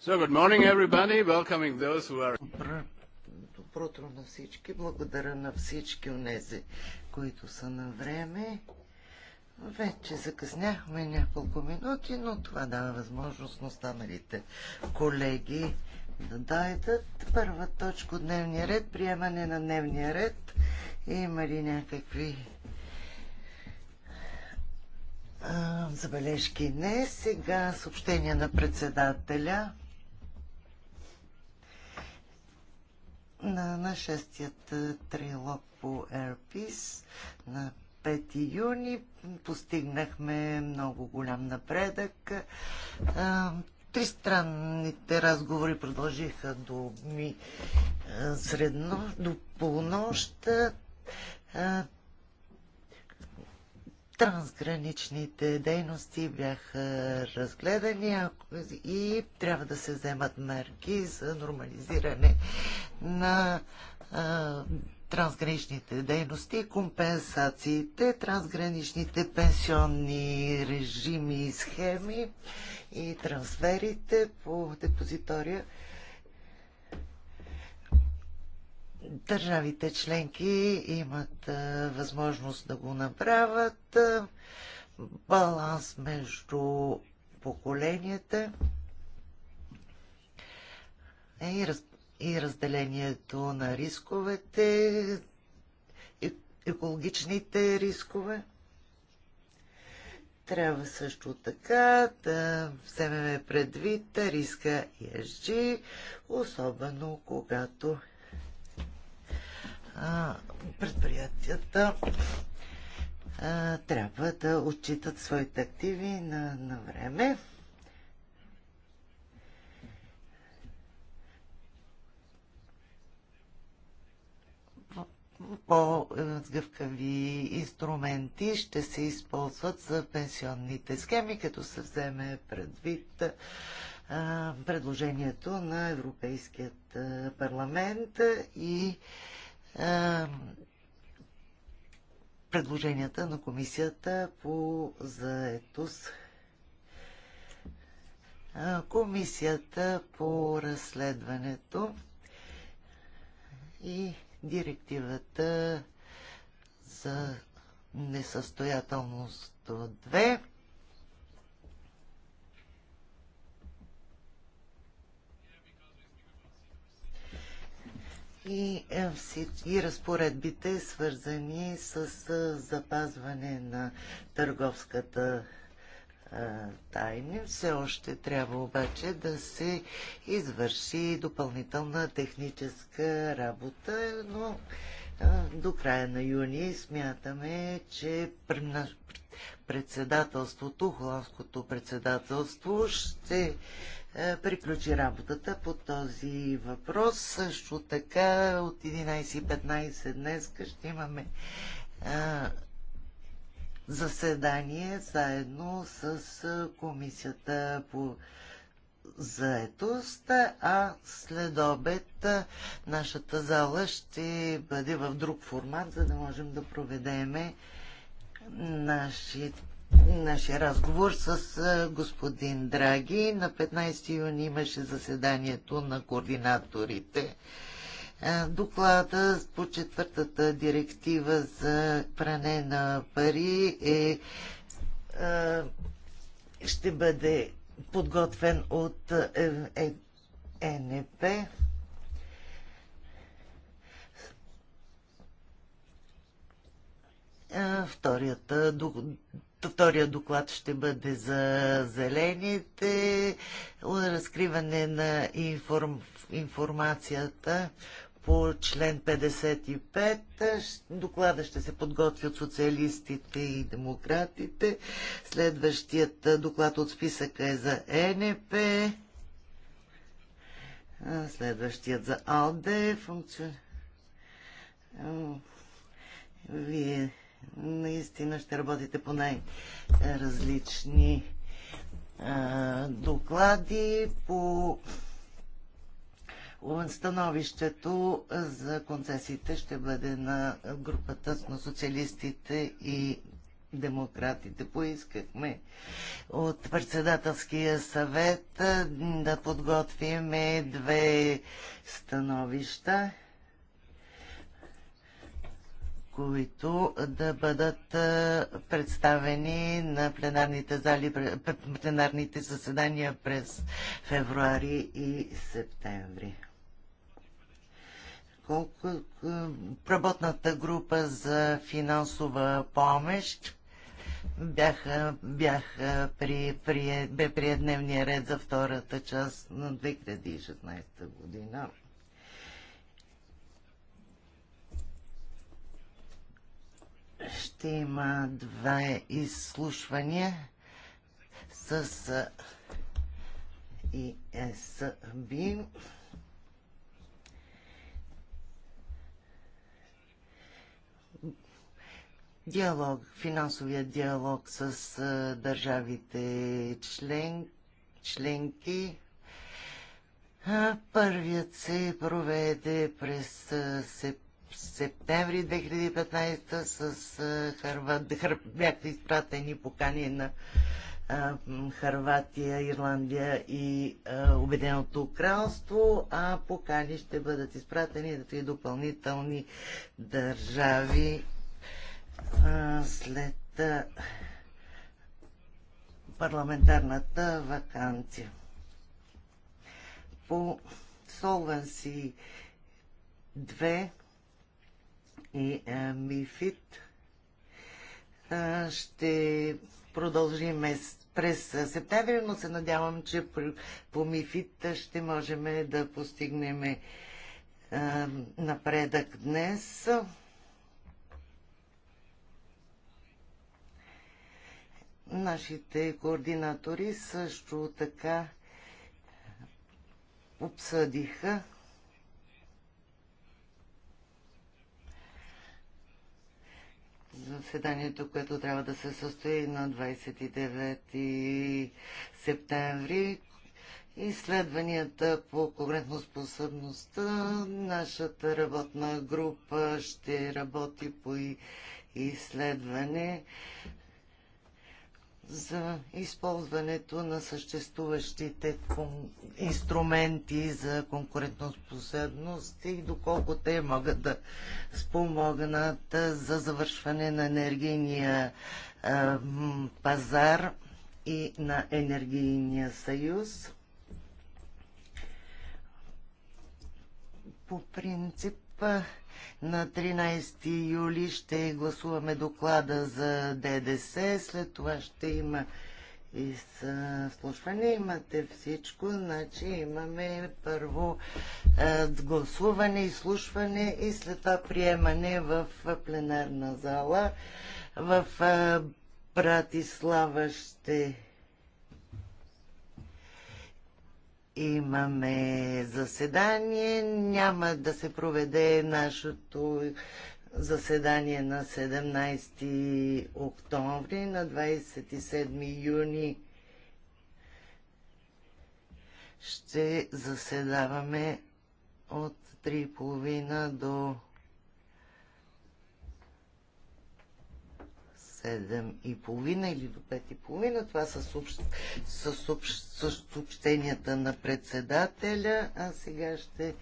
So, good morning everybody, welcoming those who are... Добро утро на всички. Благодаря на всички онези, които са на време. Вече закъсняхме няколко минути, но това дава възможност на останалите колеги да дойдат. Първа точка от дневния ред, приемане на дневния ред. Има ли някакви а, забележки? Не. Сега съобщение на председателя. на, на шестият е, трилог по Airpeace на 5 юни. Постигнахме много голям напредък. Е, тристранните разговори продължиха до ми е, средно, до полунощ трансграничните дейности бяха разгледани и трябва да се вземат мерки за нормализиране на трансграничните дейности, компенсациите, трансграничните пенсионни режими и схеми и трансферите по депозитория Държавите членки имат възможност да го направят. Баланс между поколенията е и, раз, и разделението на рисковете, е-, екологичните рискове. Трябва също така да вземем предвид риска ESG, особено когато предприятията трябва да отчитат своите активи на, на време. по-гъвкави инструменти ще се използват за пенсионните схеми, като се вземе предвид предложението на Европейският парламент и е, предложенията на комисията по заетост. Е, комисията по разследването и директивата за несъстоятелност 2 и, е, и разпоредбите, свързани с е, запазване на търговската е, тайни. Все още трябва обаче да се извърши допълнителна техническа работа, но до края на юни смятаме, че председателството, холандското председателство ще е, приключи работата по този въпрос. Също така от 11.15 днес ще имаме е, заседание заедно с е, комисията по заетост, а след обед нашата зала ще бъде в друг формат, за да можем да проведеме нашия, нашия разговор с господин Драги. На 15 юни имаше заседанието на координаторите. Доклада по четвъртата директива за пране на пари е, ще бъде подготвен от ЕНП. Е, Вторият, вторият доклад ще бъде за зелените, разкриване на информ, информацията по член 55. Доклада ще се подготви от социалистите и демократите. Следващият доклад от списъка е за ЕНП. Е следващият за АЛДЕ. Функцион... Вие наистина ще работите по най-различни доклади по становището за концесиите ще бъде на групата на социалистите и демократите. Поискахме от председателския съвет да подготвим две становища които да бъдат представени на пленарните, зали, пленарните заседания през февруари и септември. Колко работната група за финансова помощ бяха, бяха при, при, бе при дневния ред за втората част на 2016 година. ще има две изслушвания с ИСБ. Е, диалог, финансовия диалог с държавите член, членки. Първият се проведе през септември септември 2015 с Харват, Хар... бяха изпратени покани на Харватия, Ирландия и Обеденото кралство, а покани ще бъдат изпратени за три допълнителни държави след парламентарната вакансия. По си 2 и е, МИФИТ е, ще продължим през септември, но се надявам, че по МИФИТ ще можем да постигнем е, напредък днес. Нашите координатори също така обсъдиха заседанието, което трябва да се състои на 29 септември. Изследванията по конкурентоспособността, нашата работна група ще работи по изследване за използването на съществуващите инструменти за конкурентоспособност и доколко те могат да спомогнат за завършване на енергийния пазар и на енергийния съюз. По принцип на 13 юли ще гласуваме доклада за ДДС, след това ще има и слушване. Имате всичко, значи имаме първо гласуване, изслушване и след това приемане в пленарна зала. В Братислава ще имаме заседание. Няма да се проведе нашето заседание на 17 октомври, на 27 юни ще заседаваме от 3.30 до 7.30 или до 5.30. Това са, Това са, са съобщенията на председателя. А сега ще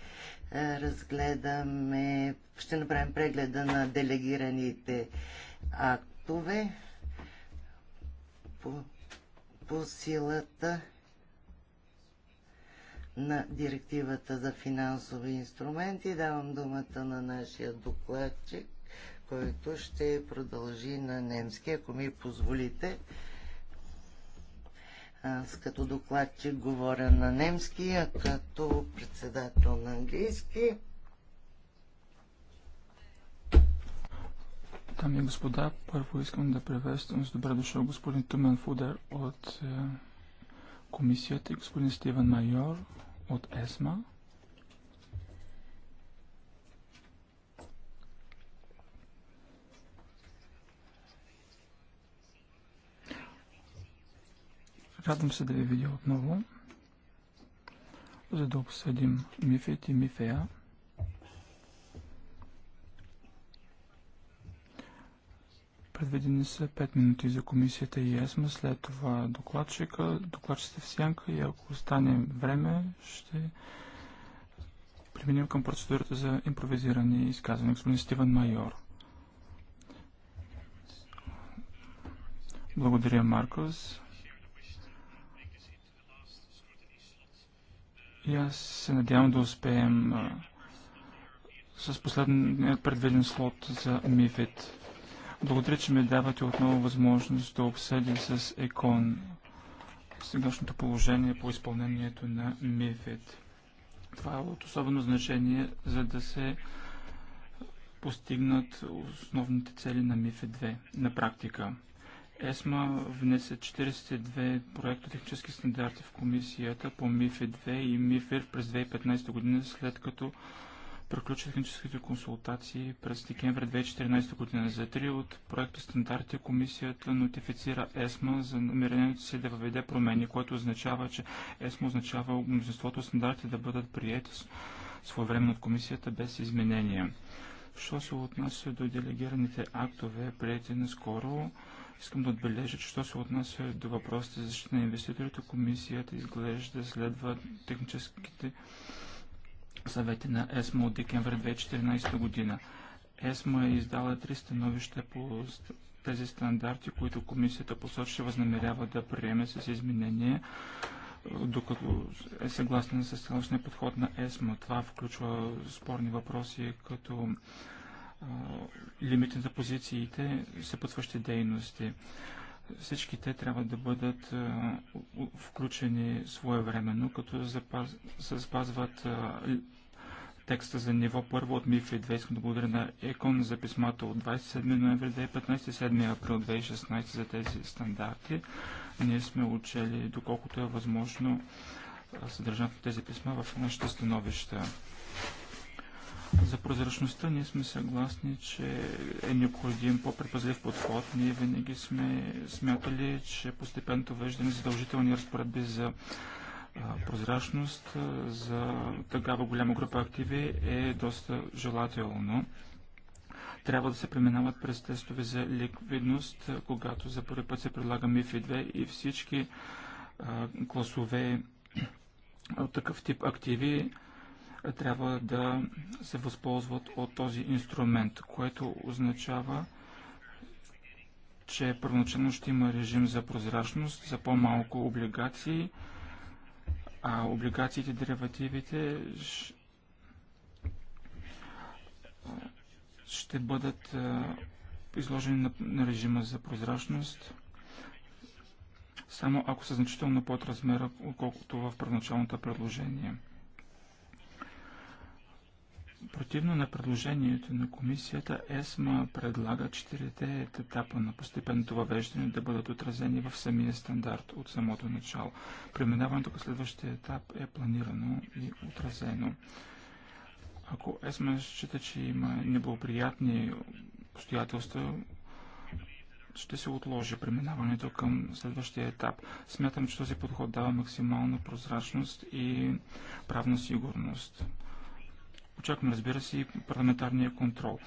разгледаме, ще направим прегледа на делегираните актове по, по силата на директивата за финансови инструменти. Давам думата на нашия докладчик който ще продължи на немски, ако ми позволите. Аз като докладчик говоря на немски, а като председател на английски. Дами и господа, първо искам да приветствам с добре дошъл господин Тумен Фудер от е, комисията и господин Стивен Майор от ЕСМА. Радвам се да ви видя отново, за да обсъдим мифът и Мифея. Предвидени са 5 минути за комисията и ЕСМА, след това докладчика, докладчите в сянка и ако остане време, ще преминем към процедурата за импровизиране и изказване. Господин Стивен Майор. Благодаря, Маркос. И аз се надявам да успеем с последният предвиден слот за МИФИТ. Благодаря, че ми давате отново възможност да обсъдя с ЕКОН сегашното положение по изпълнението на Мифит. Това е от особено значение, за да се постигнат основните цели на МИФЕ 2 на практика. ЕСМА внесе 42 проекта технически стандарти в комисията по МИФИ 2 и МИФИР през 2015 година, след като приключи техническите консултации през декември 2014 година. За три от проекта стандарти комисията нотифицира ЕСМА за намерението си да въведе промени, което означава, че ЕСМА означава множеството стандарти да бъдат приети своевременно от комисията без изменения. Що се отнася до делегираните актове, прияти наскоро, скоро, Искам да отбележа, че що се отнася до въпросите за защита на инвеститорите, комисията изглежда следва техническите съвети на ЕСМО от декември 2014 година. ЕСМО е издала три становища по тези стандарти, които комисията посочи възнамерява да приеме с изменение, докато е съгласна с цялостния подход на ЕСМО. Това включва спорни въпроси като лимит на позициите съпътващи дейности. Всички те трябва да бъдат включени своевременно, като запаз... се спазват текста за ниво първо от и 2. Искам да благодаря на ЕКОН за писмата от 27 ноември 2015 и 7 април 2016 за тези стандарти. Ние сме учели доколкото е възможно съдържанието на тези писма в нашите становища. За прозрачността ние сме съгласни, че е необходим по-предпазлив подход. Ние винаги сме смятали, че постепенното веждане задължителни разпоредби за прозрачност за такава голяма група активи е доста желателно. Трябва да се преминават през тестове за ликвидност, когато за първи път се предлага МИФИ 2 и всички а, класове от такъв тип активи трябва да се възползват от този инструмент, което означава, че първоначално ще има режим за прозрачност, за по-малко облигации, а облигациите и деривативите ще бъдат изложени на режима за прозрачност, само ако са значително под размера, отколкото в първоначалното предложение. Противно на предложението на комисията, ЕСМА предлага четирите етапа на постепенното въвеждане да бъдат отразени в самия стандарт от самото начало. Преминаването по следващия етап е планирано и отразено. Ако ЕСМА счита, че има неблагоприятни обстоятелства, ще се отложи преминаването към следващия етап. Смятам, че този подход дава максимална прозрачност и правна сигурност. Очаквам, разбира се, и парламентарния контрол.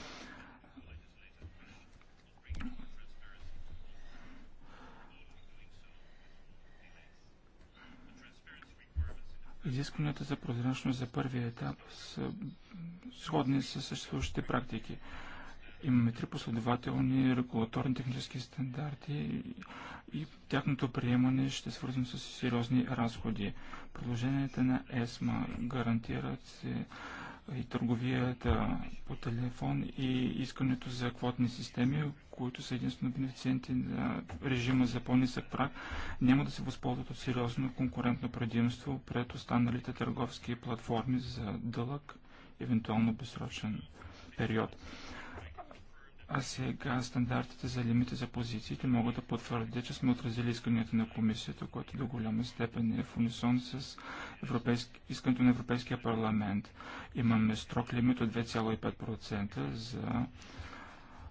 Изискванията за прозрачност за първия етап са сходни с съществуващите практики. Имаме три последователни регулаторни технически стандарти и тяхното приемане ще е свързано с сериозни разходи. Продълженията на ЕСМА гарантират се и търговията по телефон и искането за квотни системи, които са единствено бенефициенти на режима за по-нисък прак, няма да се възползват от сериозно конкурентно предимство пред останалите търговски платформи за дълъг, евентуално безсрочен период. А сега стандартите за лимите за позициите могат да потвърдят, че сме отразили исканията на комисията, което до голяма степен е в унисон с искането на Европейския парламент. Имаме строг лимит от 2,5% за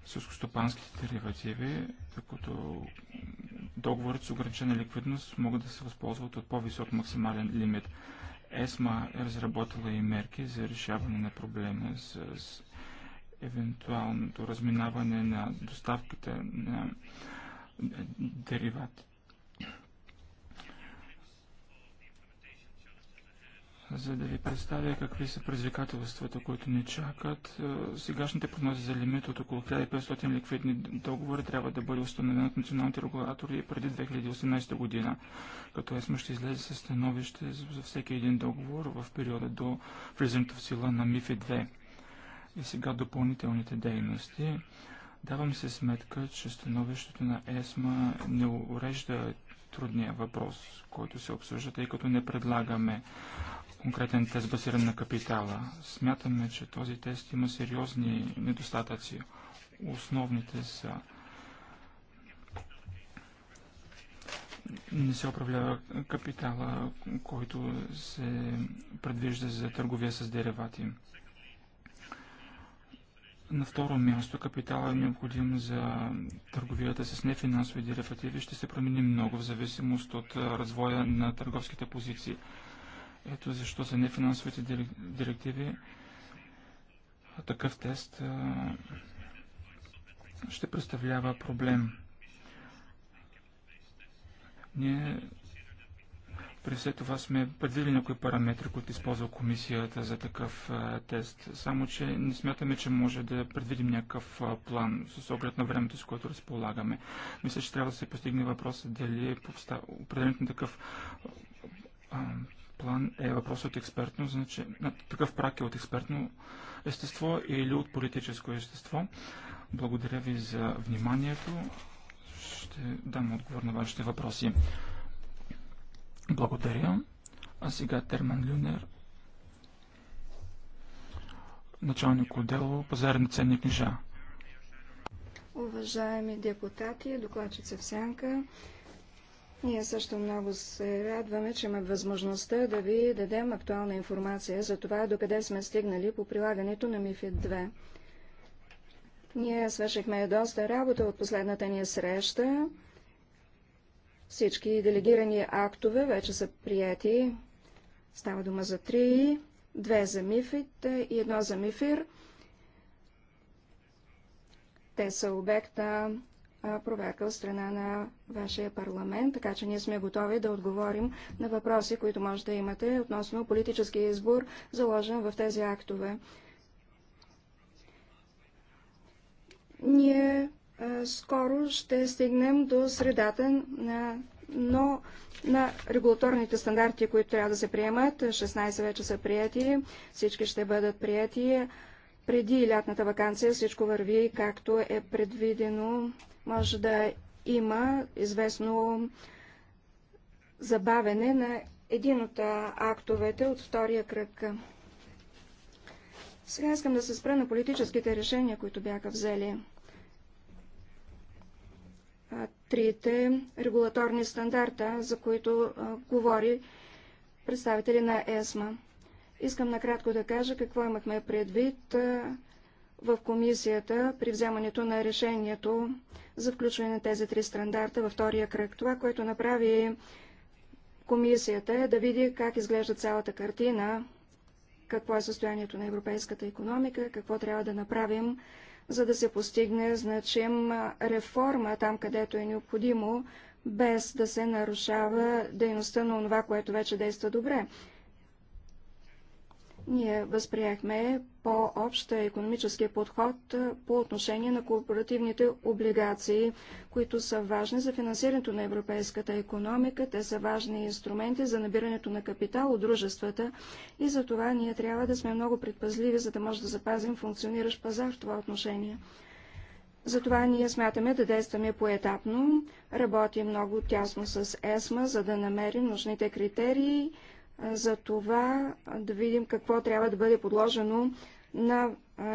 сълскостопанските деривативи, докато договорите с ограничена ликвидност могат да се възползват от по-висок максимален лимит. ЕСМА е разработила и мерки за решаване на проблема с евентуалното разминаване на доставките на деривати. За да ви представя какви са предизвикателствата, които ни чакат, е, сегашните прогнози за лимит от около 1500 ликвидни договори трябва да бъде установен от националните регулатори преди 2018 година, като ЕСМА ще излезе със становище за всеки един договор в периода до влизането в сила на МИФИ 2. И сега допълнителните дейности. Давам се сметка, че становището на ЕСМА не урежда трудния въпрос, който се обсъжда, тъй като не предлагаме конкретен тест базиран на капитала. Смятаме, че този тест има сериозни недостатъци. Основните са не се управлява капитала, който се предвижда за търговия с деревати. На второ място, капиталът е необходим за търговията с нефинансови деривативи. Ще се промени много в зависимост от развоя на търговските позиции. Ето защо за нефинансовите директиви такъв тест ще представлява проблем. Ние при все това сме предвидили някои параметри, които използва комисията за такъв тест. Само, че не смятаме, че може да предвидим някакъв план с оглед на времето, с което разполагаме. Мисля, че трябва да се постигне въпроса дали е повста... на такъв план е въпрос от експертно, значи, на такъв прак е от експертно естество или от политическо естество. Благодаря ви за вниманието. Ще дам отговор на вашите въпроси. Благодаря. А сега Терман Люнер, началник отдел пазарни ценни книжа. Уважаеми депутати, докладчица в сянка, ние също много се радваме, че имаме възможността да ви дадем актуална информация за това, докъде сме стигнали по прилагането на МИФИД 2. Ние свършихме доста работа от последната ни среща. Всички делегирани актове вече са прияти. Става дума за три, две за МИФИТ и едно за МИФИР. Те са обект на проверка от страна на вашия парламент, така че ние сме готови да отговорим на въпроси, които може да имате относно политическия избор, заложен в тези актове. Ние е, скоро ще стигнем до средата на, но на регулаторните стандарти, които трябва да се приемат. 16 вече са прияти, всички ще бъдат прияти. Преди лятната вакансия всичко върви както е предвидено. Може да има известно забавене на един от актовете от втория кръг. Сега искам да се спра на политическите решения, които бяха взели трите регулаторни стандарта, за които а, говори представители на ЕСМА. Искам накратко да кажа какво имахме предвид а, в комисията при вземането на решението за включване на тези три стандарта във втория кръг. Това, което направи комисията е да види как изглежда цялата картина, какво е състоянието на европейската економика, какво трябва да направим, за да се постигне значим реформа там, където е необходимо, без да се нарушава дейността на това, което вече действа добре. Ние възприехме по-общ економически подход по отношение на корпоративните облигации, които са важни за финансирането на европейската економика. Те са важни инструменти за набирането на капитал от дружествата и за това ние трябва да сме много предпазливи, за да може да запазим функциониращ пазар в това отношение. Затова ние смятаме да действаме поетапно, работим много тясно с ЕСМА, за да намерим нужните критерии, за това да видим какво трябва да бъде подложено на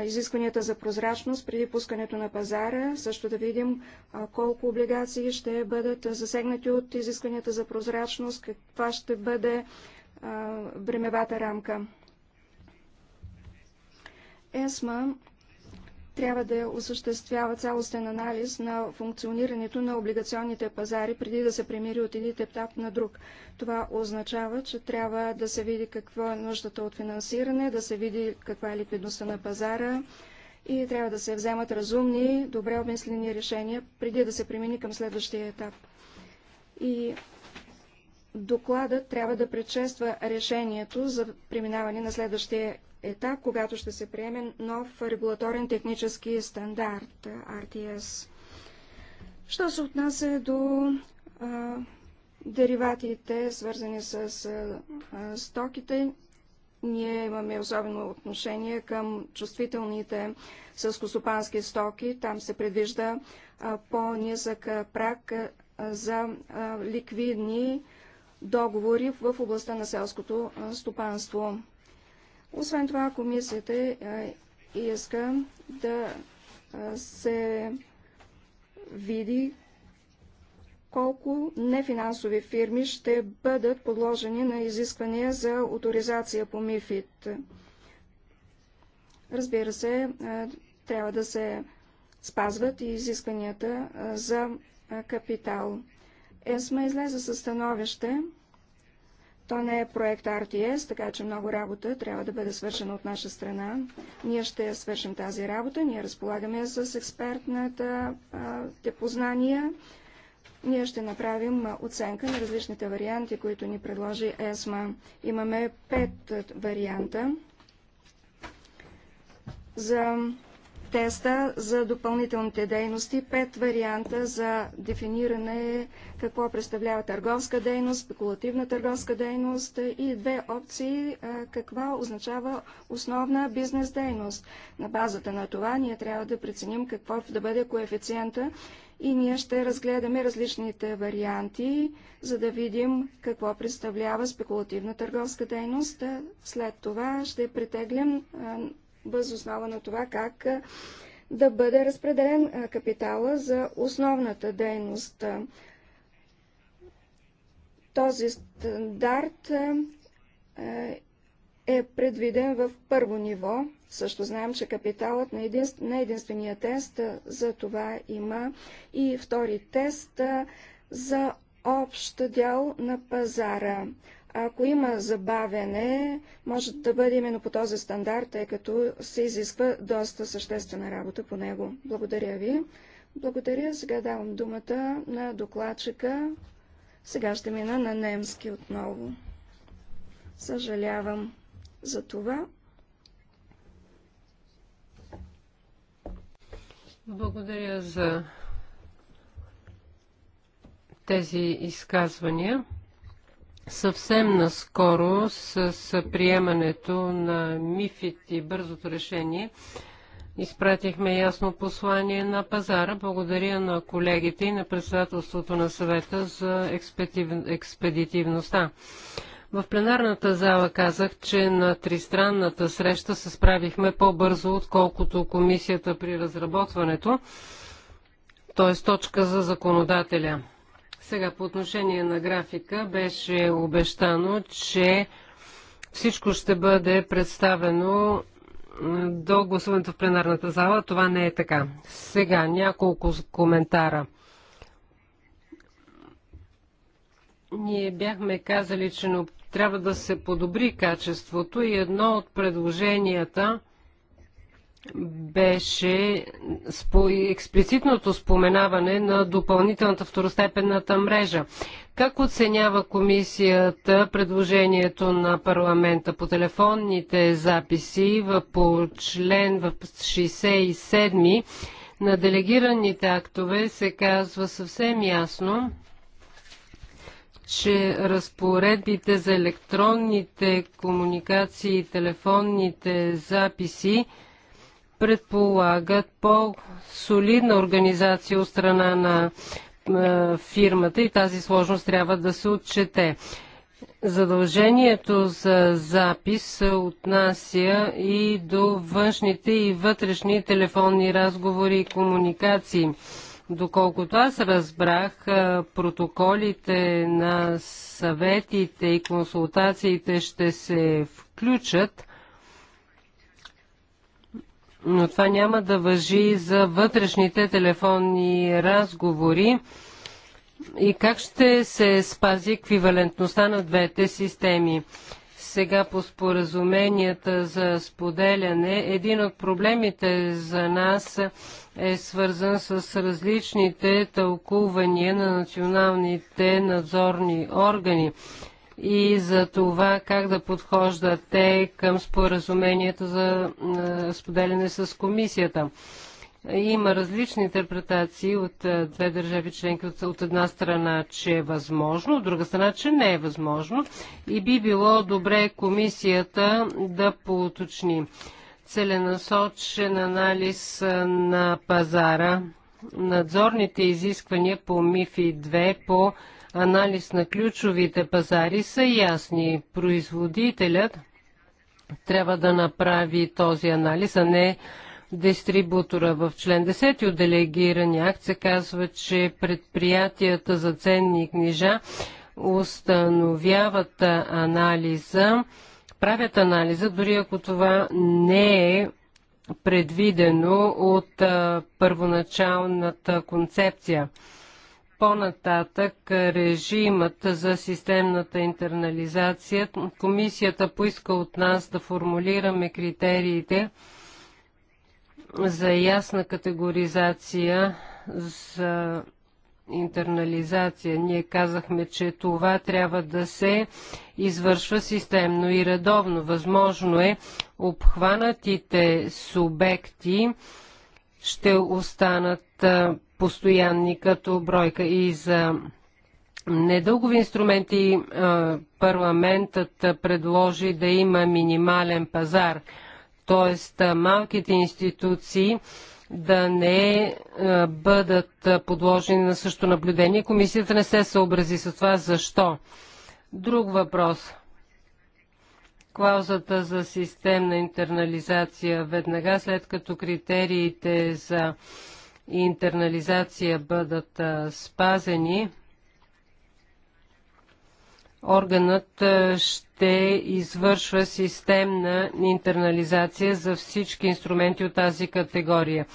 изискванията за прозрачност преди пускането на пазара, също да видим колко облигации ще бъдат засегнати от изискванията за прозрачност, каква ще бъде времевата рамка. ЕСМА трябва да осъществява цялостен анализ на функционирането на облигационните пазари, преди да се премири от един етап на друг. Това означава, че трябва да се види каква е нуждата от финансиране, да се види каква е ликвидността на пазара и трябва да се вземат разумни, добре обмислени решения, преди да се премини към следващия етап. И докладът трябва да предшества решението за преминаване на следващия етап, когато ще се приеме нов регулаторен технически стандарт RTS. Що се отнася до а, дериватите, свързани с а, стоките, ние имаме особено отношение към чувствителните сълскостопански стоки. Там се предвижда по-низък прак за ликвидни договори в областта на селското стопанство. Освен това, комисията иска да се види колко нефинансови фирми ще бъдат подложени на изисквания за авторизация по МИФИД. Разбира се, трябва да се спазват и изискванията за капитал. ЕСМА излезе със становище, то не е проект RTS, така че много работа трябва да бъде свършена от наша страна. Ние ще свършим тази работа. Ние разполагаме с експертната те познания. Ние ще направим оценка на различните варианти, които ни предложи ЕСМА. Имаме пет варианта за теста за допълнителните дейности, пет варианта за дефиниране какво представлява търговска дейност, спекулативна търговска дейност и две опции каква означава основна бизнес дейност. На базата на това ние трябва да преценим какво да бъде коефициента и ние ще разгледаме различните варианти, за да видим какво представлява спекулативна търговска дейност. След това ще притеглим възоснова на това как да бъде разпределен капитала за основната дейност. Този стандарт е предвиден в първо ниво. Също знаем, че капиталът на, единствен, на единствения тест за това има и втори тест за общ дял на пазара. Ако има забавяне, може да бъде именно по този стандарт, тъй като се изисква доста съществена работа по него. Благодаря ви. Благодаря. Сега давам думата на докладчика. Сега ще мина на немски отново. Съжалявам за това. Благодаря за тези изказвания. Съвсем наскоро с приемането на МИФИТ и бързото решение изпратихме ясно послание на пазара. Благодаря на колегите и на председателството на съвета за експедитив... експедитивността. В пленарната зала казах, че на тристранната среща се справихме по-бързо, отколкото комисията при разработването, т.е. точка за законодателя. Сега по отношение на графика беше обещано, че всичко ще бъде представено до гласуването в пленарната зала. Това не е така. Сега няколко коментара. Ние бяхме казали, че трябва да се подобри качеството и едно от предложенията – беше спо експлицитното споменаване на допълнителната второстепенната мрежа. Как оценява комисията предложението на парламента по телефонните записи в, по член в 67 на делегираните актове се казва съвсем ясно, че разпоредбите за електронните комуникации и телефонните записи – предполагат по-солидна организация от страна на фирмата и тази сложност трябва да се отчете. Задължението за запис се отнася и до външните и вътрешни телефонни разговори и комуникации. Доколкото аз разбрах, протоколите на съветите и консултациите ще се включат но това няма да въжи за вътрешните телефонни разговори. И как ще се спази еквивалентността на двете системи? Сега по споразуменията за споделяне, един от проблемите за нас е свързан с различните тълкувания на националните надзорни органи и за това как да подхождат те към споразумението за споделяне с комисията. Има различни интерпретации от две държави членки. От една страна, че е възможно, от друга страна, че не е възможно. И би било добре комисията да поуточни целенасочен анализ на пазара, надзорните изисквания по МИФИ 2 по анализ на ключовите пазари са ясни. Производителят трябва да направи този анализ, а не дистрибутора. В член 10 от делегирания акт се казва, че предприятията за ценни книжа установяват анализа, правят анализа, дори ако това не е предвидено от а, първоначалната концепция. По-нататък режимът за системната интернализация. Комисията поиска от нас да формулираме критериите за ясна категоризация за интернализация. Ние казахме, че това трябва да се извършва системно и редовно. Възможно е обхванатите субекти ще останат постоянни като бройка и за недългови инструменти парламентът предложи да има минимален пазар, т.е. малките институции да не бъдат подложени на също наблюдение. Комисията не се съобрази с това. Защо? Друг въпрос. Клаузата за системна интернализация веднага след като критериите за и интернализация бъдат спазени, органът ще извършва системна интернализация за всички инструменти от тази категория.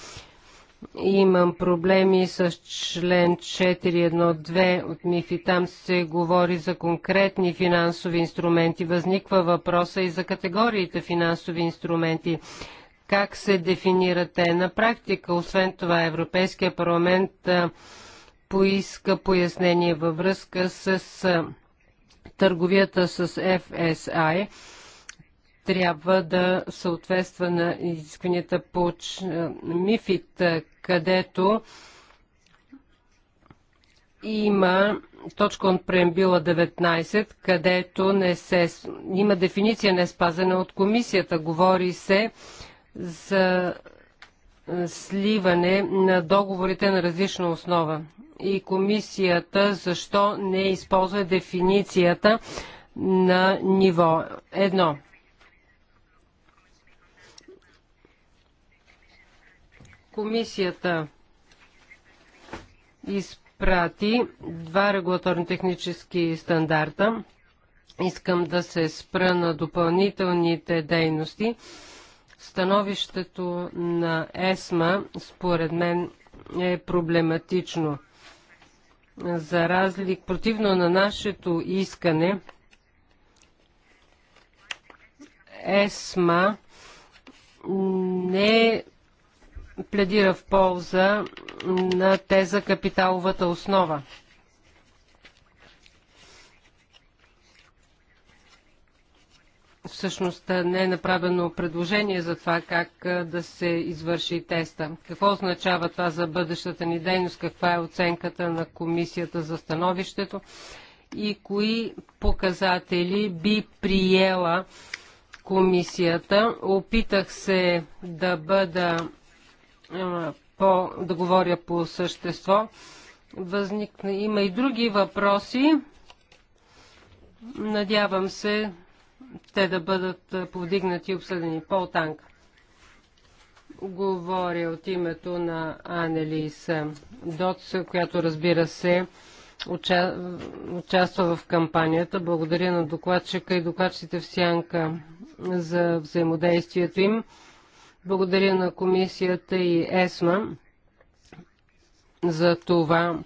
Имам проблеми с член 4.1.2 от МИФИ. Там се говори за конкретни финансови инструменти. Възниква въпроса и за категориите финансови инструменти как се дефинира те на практика. Освен това, Европейския парламент поиска пояснение във връзка с търговията с FSI. Трябва да съответства на изискванията по МИФИТ, където има точка от преембила 19, където не се, има дефиниция не спазена от комисията. Говори се за сливане на договорите на различна основа. И комисията защо не използва дефиницията на ниво едно. Комисията изпрати два регулаторни технически стандарта. Искам да се спра на допълнителните дейности Становището на ЕСМА, според мен, е проблематично. За разлик, противно на нашето искане, ЕСМА не пледира в полза на теза капиталовата основа. всъщност не е направено предложение за това как да се извърши теста. Какво означава това за бъдещата ни дейност? Каква е оценката на комисията за становището? И кои показатели би приела комисията? Опитах се да бъда по, да говоря по същество. Възникна, има и други въпроси. Надявам се те да бъдат е, повдигнати и обсъдени. Пол Танк. Говоря от името на Анелис Доц, която разбира се участва в кампанията. Благодаря на докладчика и докладчите в Сянка за взаимодействието им. Благодаря на комисията и ЕСМА за това,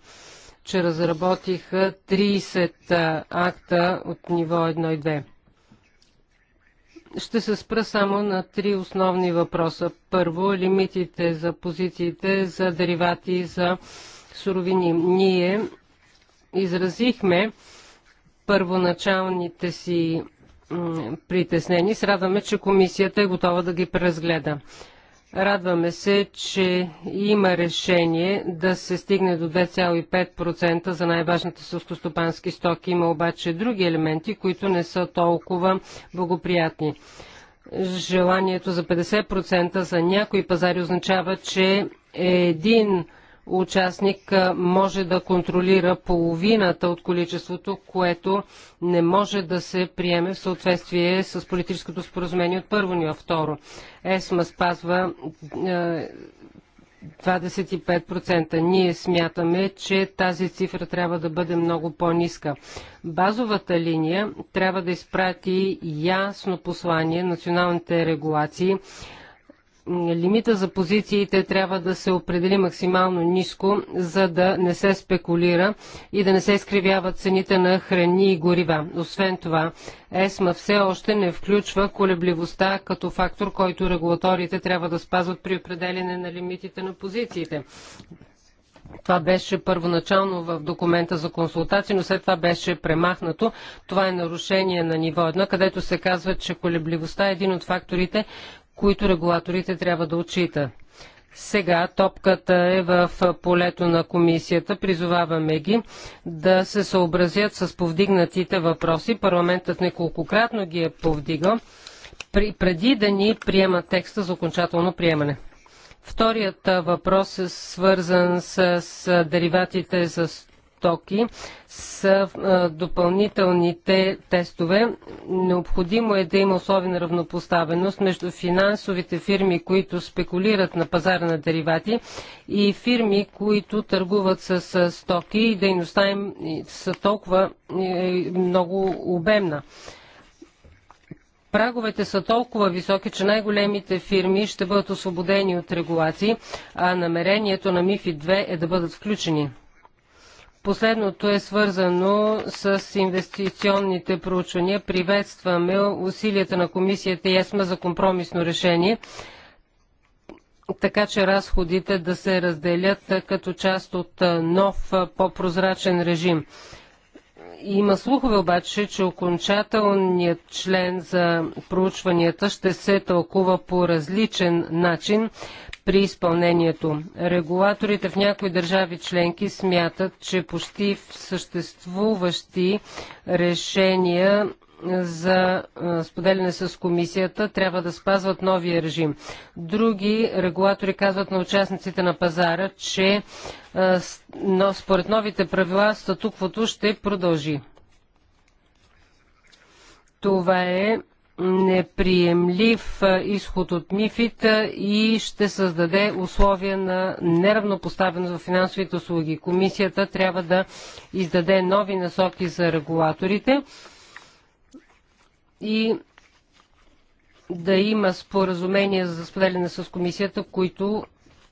че разработиха 30 акта от ниво 1 и 2. Ще се спра само на три основни въпроса. Първо, лимитите за позициите за деривати за суровини. Ние изразихме първоначалните си притеснени. Срадваме, че комисията е готова да ги преразгледа. Радваме се, че има решение да се стигне до 2,5% за най-важните сълскостопански стоки. Има обаче други елементи, които не са толкова благоприятни. Желанието за 50% за някои пазари означава, че един участник може да контролира половината от количеството, което не може да се приеме в съответствие с политическото споразумение от първо ниво. Второ, ЕСМА спазва 25%. Ние смятаме, че тази цифра трябва да бъде много по-ниска. Базовата линия трябва да изпрати ясно послание националните регулации лимита за позициите трябва да се определи максимално ниско, за да не се спекулира и да не се изкривяват цените на храни и горива. Освен това, ЕСМА все още не включва колебливостта като фактор, който регулаторите трябва да спазват при определене на лимитите на позициите. Това беше първоначално в документа за консултации, но след това беше премахнато. Това е нарушение на ниво 1, където се казва, че колебливостта е един от факторите, които регулаторите трябва да отчитат. Сега топката е в полето на комисията. Призоваваме ги да се съобразят с повдигнатите въпроси. Парламентът неколкократно ги е повдигал преди да ни приема текста за окончателно приемане. Вторият въпрос е свързан с, с с стоки са допълнителните тестове. Необходимо е да има особена равнопоставеност между финансовите фирми, които спекулират на пазара на деривати и фирми, които търгуват с стоки и дейността им са толкова е, много обемна праговете са толкова високи, че най-големите фирми ще бъдат освободени от регулации, а намерението на МИФИ 2 е да бъдат включени. Последното е свързано с инвестиционните проучвания. Приветстваме усилията на комисията и ЕСМА за компромисно решение, така че разходите да се разделят като част от нов по-прозрачен режим. Има слухове обаче, че окончателният член за проучванията ще се тълкува по различен начин при изпълнението. Регулаторите в някои държави членки смятат, че почти в съществуващи решения за споделяне с комисията трябва да спазват новия режим. Други регулатори казват на участниците на пазара, че но според новите правила статуквото ще продължи. Това е неприемлив изход от мифита и ще създаде условия на неравнопоставеност в финансовите услуги. Комисията трябва да издаде нови насоки за регулаторите и да има споразумения за споделяне с комисията, които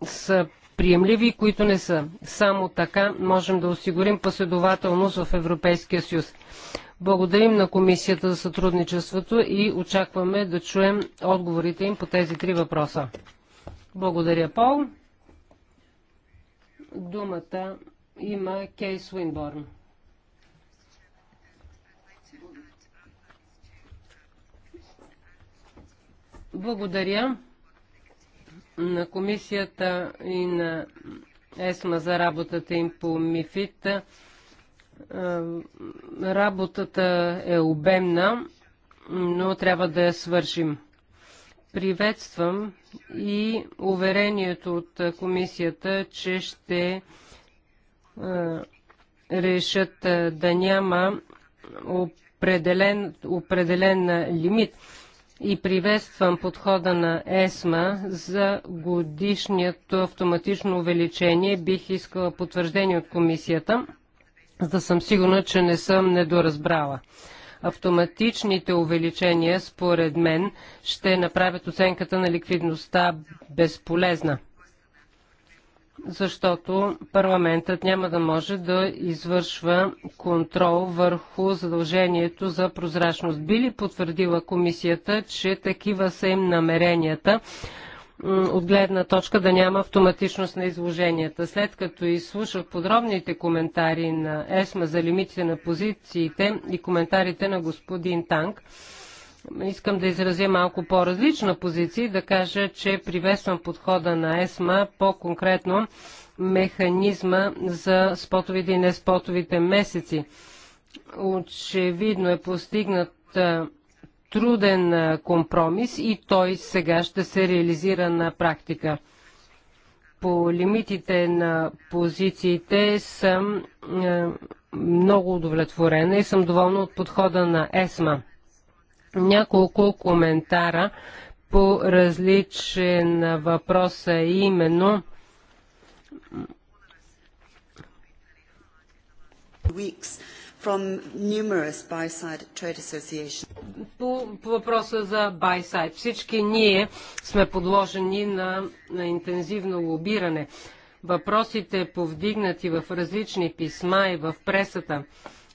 са приемливи и които не са. Само така можем да осигурим последователност в Европейския съюз. Благодарим на Комисията за сътрудничеството и очакваме да чуем отговорите им по тези три въпроса. Благодаря, Пол. Думата има Кей Уинборн. Благодаря на комисията и на ЕСМА за работата им по МИФИТ. Работата е обемна, но трябва да я свършим. Приветствам и уверението от комисията, че ще решат да няма определен, определен лимит и приветствам подхода на ЕСМА за годишният автоматично увеличение. Бих искала потвърждение от комисията, за да съм сигурна, че не съм недоразбрала. Автоматичните увеличения, според мен, ще направят оценката на ликвидността безполезна – защото парламентът няма да може да извършва контрол върху задължението за прозрачност. Би ли потвърдила комисията, че такива са им намеренията от гледна точка да няма автоматичност на изложенията? След като изслушах подробните коментари на ЕСМА за лимитите на позициите и коментарите на господин Танк, искам да изразя малко по-различна позиция и да кажа, че приветствам подхода на ЕСМА, по-конкретно механизма за спотовите и неспотовите месеци. Очевидно е постигнат труден компромис и той сега ще се реализира на практика. По лимитите на позициите съм много удовлетворена и съм доволна от подхода на ЕСМА няколко коментара по различен въпрос, а именно по, по въпроса за Байсайд. Всички ние сме подложени на, на интензивно лобиране. Въпросите, повдигнати в различни писма и в пресата,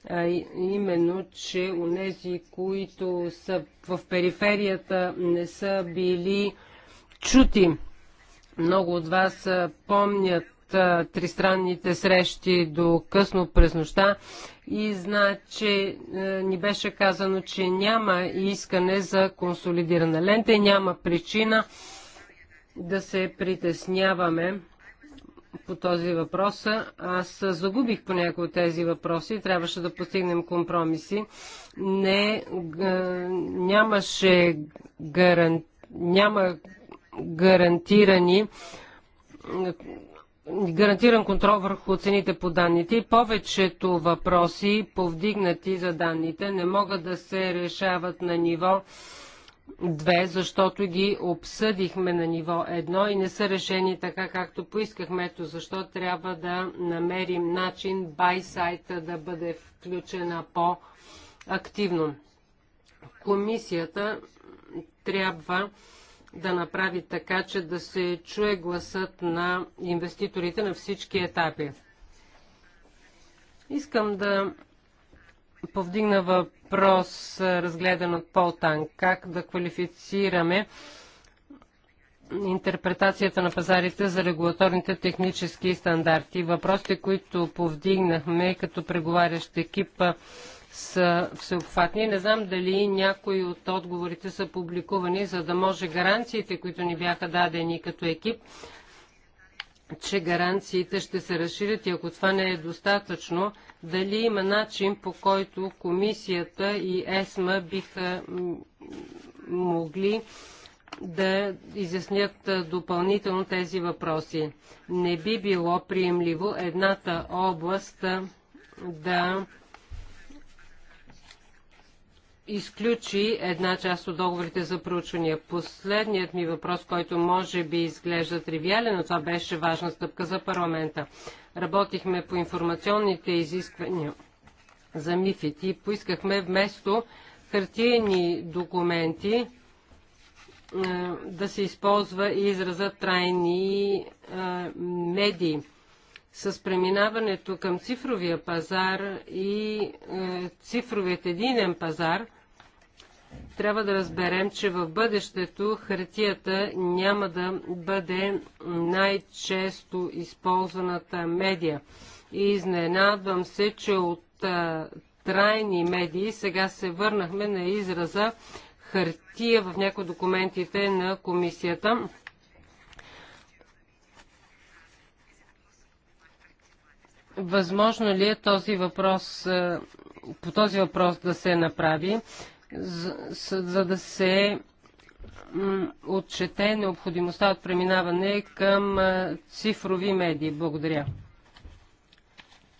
а именно, че нези, които са в периферията, не са били чути. Много от вас помнят тристранните срещи до късно през нощта и знаят, че е, ни беше казано, че няма искане за консолидирана лента и няма причина да се притесняваме по този въпрос. Аз загубих по някои от тези въпроси трябваше да постигнем компромиси. Не, нямаше гаран, няма гарантирани гарантиран контрол върху цените по данните и повечето въпроси, повдигнати за данните, не могат да се решават на ниво две, защото ги обсъдихме на ниво едно и не са решени така, както поискахме. Ето защо трябва да намерим начин байсайта да бъде включена по-активно. Комисията трябва да направи така, че да се чуе гласът на инвеститорите на всички етапи. Искам да повдигна въпрос, разгледан от Пол Танк, как да квалифицираме интерпретацията на пазарите за регулаторните технически стандарти. Въпросите, които повдигнахме като преговарящ екип, са всеобхватни. Не знам дали някои от отговорите са публикувани, за да може гаранциите, които ни бяха дадени като екип, че гаранциите ще се разширят и ако това не е достатъчно, дали има начин по който комисията и ЕСМА биха могли да изяснят допълнително тези въпроси. Не би било приемливо едната област да изключи една част от договорите за проучвания. Последният ми въпрос, който може би изглежда тривиален, но това беше важна стъпка за парламента. Работихме по информационните изисквания за МИФИТ и поискахме вместо хартиени документи е, да се използва и израза трайни е, медии с преминаването към цифровия пазар и е, цифровият единен пазар, трябва да разберем, че в бъдещето хартията няма да бъде най-често използваната медия. И изненадвам се, че от а, трайни медии сега се върнахме на израза хартия в някои документите на комисията. Възможно ли е този въпрос, по този въпрос да се направи? за, за да се отчете необходимостта от преминаване към цифрови медии. Благодаря.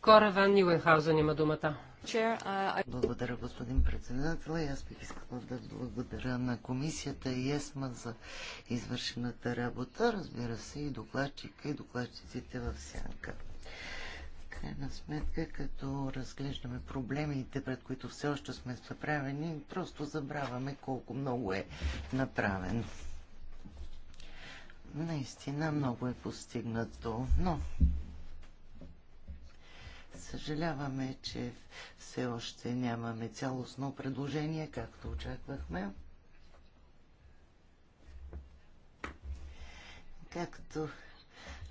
Кора Ван Ниленхаузен има думата. Uh, благодаря, господин председател. И аз бих искала да благодаря на комисията и ЕСМА за извършената работа. Разбира се, и докладчика, и докладчиците в сянка крайна сметка, като разглеждаме проблемите, пред които все още сме съправени, просто забравяме колко много е направено. Наистина много е постигнато, но съжаляваме, че все още нямаме цялостно предложение, както очаквахме. Както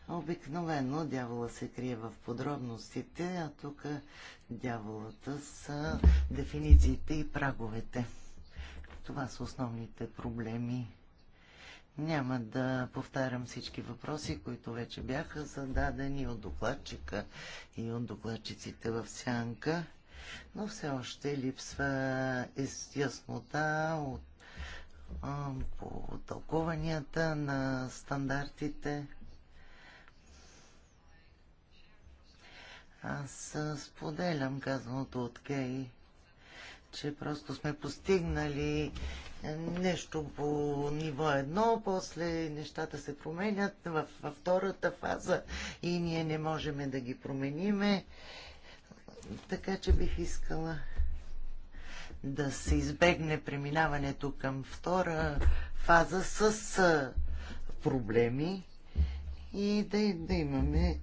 Обикновено дявола се крие в подробностите, а тук дяволата са дефинициите и праговете. Това са основните проблеми. Няма да повтарям всички въпроси, които вече бяха зададени от докладчика и от докладчиците в сянка, но все още липсва яснота от, по тълкуванията на стандартите Аз споделям казаното от Кей, че просто сме постигнали е, нещо по ниво едно, после нещата се променят във, във втората фаза и ние не можем да ги промениме. Така че бих искала да се избегне преминаването към втора фаза с проблеми и да, да имаме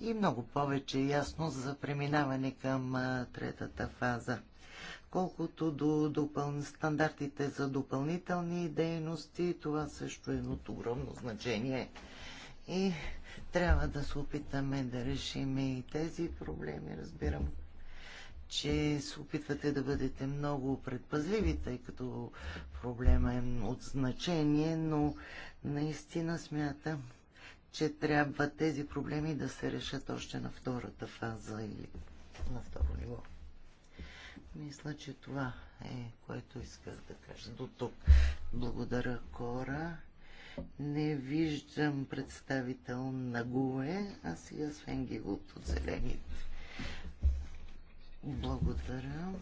и много повече ясно за преминаване към третата фаза. Колкото до допъл... стандартите за допълнителни дейности, това също е от огромно значение. И трябва да се опитаме да решим и тези проблеми. Разбирам, че се опитвате да бъдете много предпазливи, тъй като проблема е от значение, но наистина смятам, че трябва тези проблеми да се решат още на втората фаза или на второ ниво. Мисля, че това е, което исках да кажа до тук. Благодаря, Кора. Не виждам представител на ГУЕ, а сега Свен Гигулт от Зелените. Благодаря.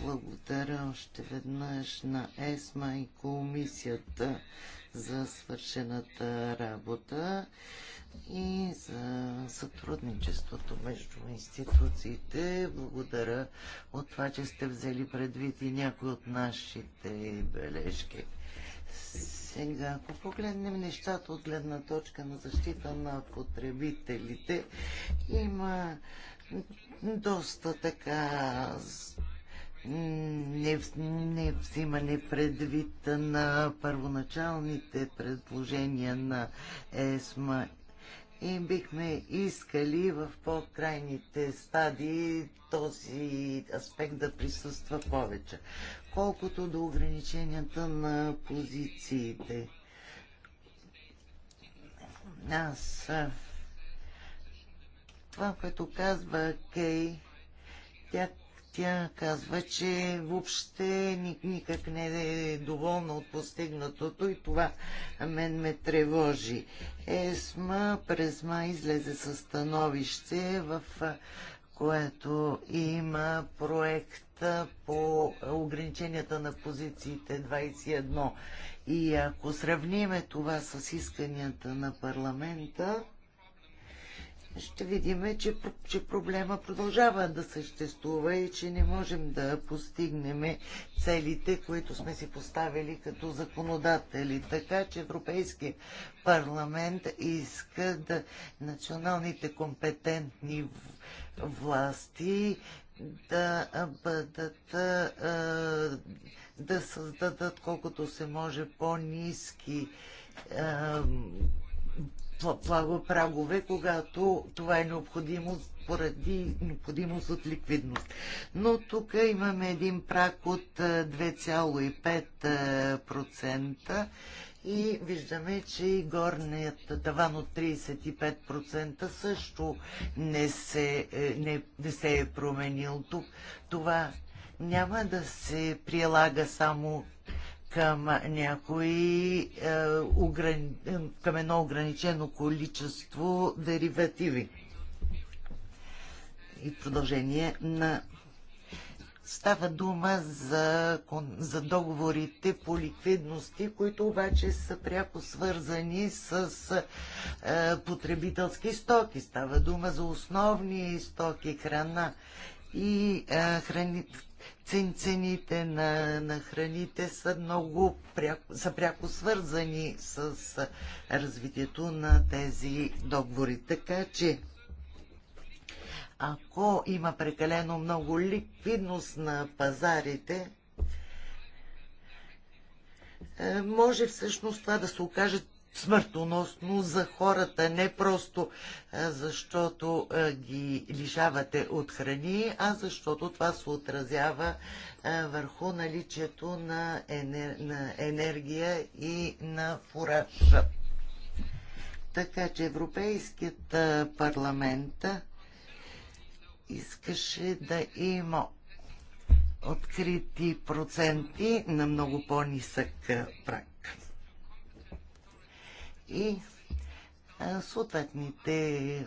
Благодаря още веднъж на ЕСМА и комисията за свършената работа и за сътрудничеството между институциите. Благодаря от това, че сте взели предвид и някои от нашите бележки. Сега, ако погледнем нещата от гледна точка на защита на потребителите, има доста така не, не взимане предвид на първоначалните предложения на ЕСМА и бихме искали в по-крайните стадии този аспект да присъства повече. Колкото до ограниченията на позициите. Аз това, което казва Кей, тя тя казва, че въобще никак не е доволна от постигнатото и това мен ме тревожи. ЕСМА през май излезе със становище, в което има проект по ограниченията на позициите 21. И ако сравниме това с исканията на парламента, ще видим, че, че проблема продължава да съществува и че не можем да постигнем целите, които сме си поставили като законодатели. Така че Европейския парламент иска да националните компетентни власти да бъдат да създадат колкото се може по-низки прагове, когато това е необходимо поради необходимост от ликвидност. Но тук имаме един прак от 2,5% и виждаме, че и горният таван от 35% също не се, е, не, не се е променил. Тук това няма да се прилага само към някои е, към едно ограничено количество деривативи и продължение на Става дума за, за договорите по ликвидности, които обаче са пряко свързани с е, потребителски стоки. Става дума за основни стоки, храна и е, храни, цените на, на храните са много пряко, са пряко свързани с развитието на тези договори. Така че ако има прекалено много ликвидност на пазарите, е, може всъщност това да се окаже смъртоносно за хората, не просто е, защото е, ги лишавате от храни, а защото това се отразява е, върху наличието на, енергия и на фуража. Така че Европейският парламент искаше да има открити проценти на много по-нисък прак и съответните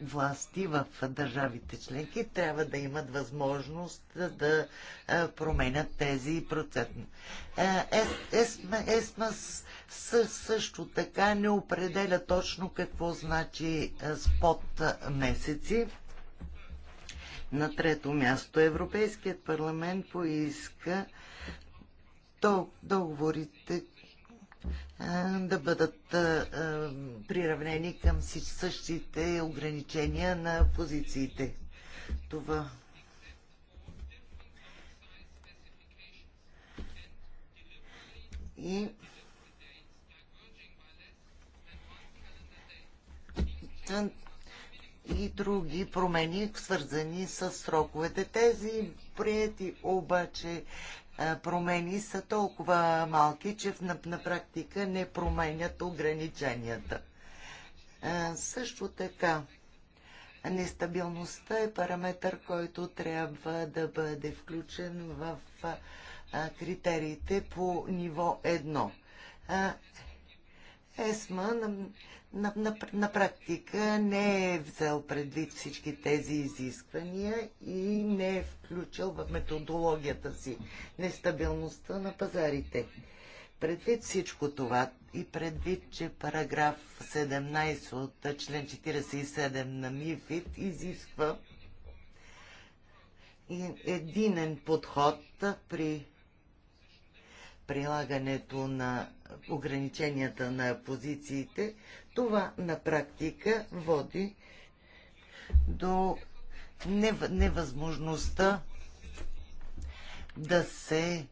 власти в държавите членки трябва да имат възможност да променят тези процентни. Е, е, ЕСМА, също така не определя точно какво значи спот месеци. На трето място Европейският парламент поиска договорите, да бъдат приравнени към същите ограничения на позициите. Това и и други промени, свързани с сроковете. Тези прияти обаче промени са толкова малки, че на, на практика не променят ограниченията. Също така, нестабилността е параметър, който трябва да бъде включен в критериите по ниво 1. ЕСМА на, на, на, на практика не е взел предвид всички тези изисквания и не е включил в методологията си нестабилността на пазарите. Предвид всичко това и предвид, че параграф 17 от член 47 на Мифит изисква единен подход при прилагането на ограниченията на позициите, това на практика води до невъзможността да се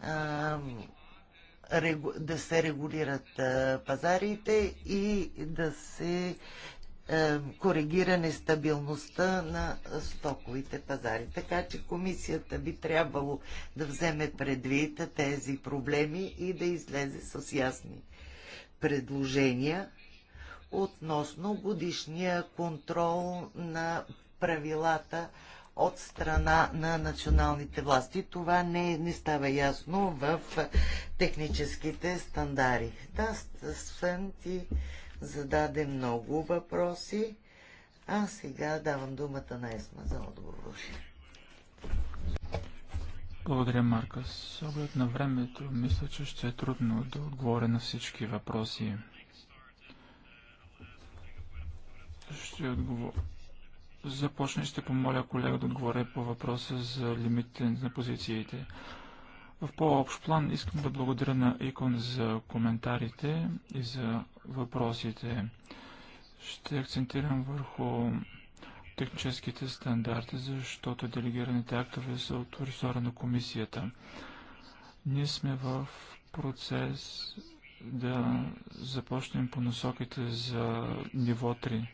а, да се регулират пазарите и да се е, коригира нестабилността на стоковите пазари. Така че комисията би трябвало да вземе предвид тези проблеми и да излезе с ясни предложения относно годишния контрол на правилата от страна на националните власти. Това не, не става ясно в техническите стандари. Да, Свен, ти зададе много въпроси. А сега давам думата на Есма за отговор. Благодаря, Марка. С оглед на времето, мисля, че ще е трудно да отговоря на всички въпроси. Ще отговоря. Започне и ще помоля колега да отговоря по въпроса за лимитите на позициите. В по-общ план искам да благодаря на Икон за коментарите и за въпросите. Ще акцентирам върху техническите стандарти, защото делегираните актове са от ресора на комисията. Ние сме в процес да започнем по насоките за ниво 3.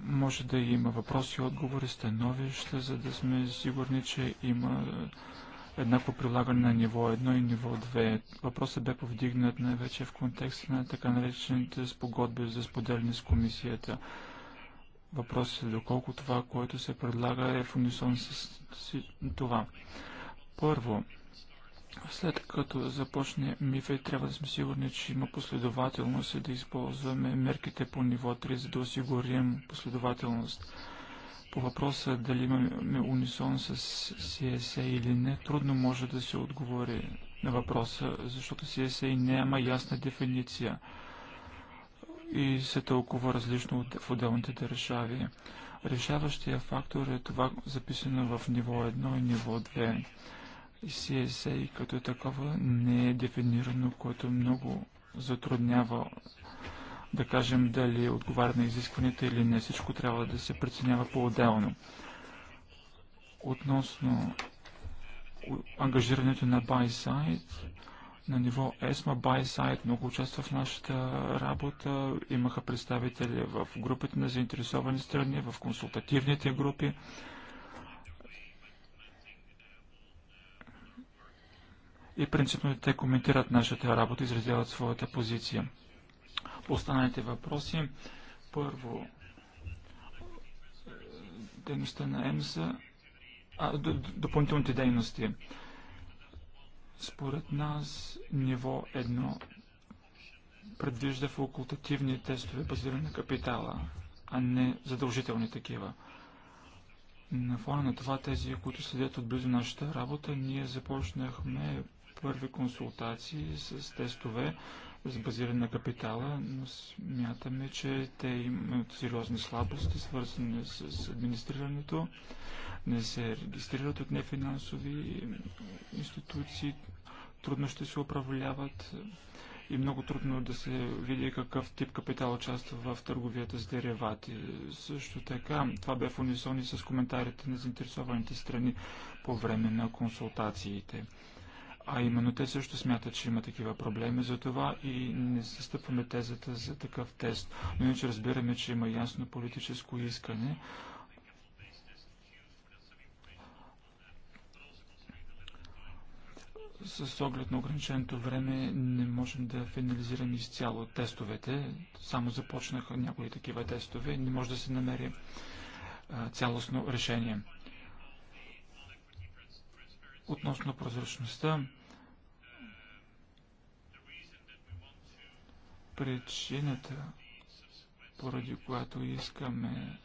Може да има въпроси, отговори, становища, за да сме сигурни, че има еднакво прилагане на ниво 1 и ниво 2. Въпросът бе повдигнат най-вече в контекста на така наречените спогодби за споделяне с комисията. Въпросът е доколко това, което се предлага е в унисон с, с това. Първо, след като започне МИФЕ, трябва да сме сигурни, че има последователност и да използваме мерките по ниво 3, за да осигурим последователност. По въпроса дали имаме унисон с CSA или не, трудно може да се отговори на въпроса, защото CSA няма ясна дефиниция и се тълкува различно в отделните държави. Решаващия фактор е това записано в ниво 1 и ниво 2. CSA като такова не е дефинирано, което много затруднява да кажем дали отговаря на изискванията или не. Всичко трябва да се преценява по-отделно. Относно ангажирането на BuySide, на ниво ESMA BuySide много участва в нашата работа. Имаха представители в групите на заинтересовани страни, в консултативните групи. И принципно те коментират нашата работа, изразяват своята позиция останалите въпроси. Първо, дейността на ЕМСА, а, допълнителните дейности. Според нас ниво едно предвижда факултативни тестове, базирани на капитала, а не задължителни такива. На фона на това тези, които следят отблизо нашата работа, ние започнахме първи консултации с тестове за базиране на капитала, но смятаме, че те имат сериозни слабости, свързани с администрирането, не се регистрират от нефинансови институции, трудно ще се управляват и много трудно да се види какъв тип капитал участва в търговията с деревати. Също така, това бе в унисон и с коментарите на заинтересованите страни по време на консултациите. А именно те също смятат, че има такива проблеми, за това и не застъпваме тезата за такъв тест. Но иначе разбираме, че има ясно политическо искане. С оглед на ограниченото време не можем да финализираме изцяло тестовете. Само започнаха някои такива тестове. Не може да се намери цялостно решение. Относно прозрачността, причината, поради която искаме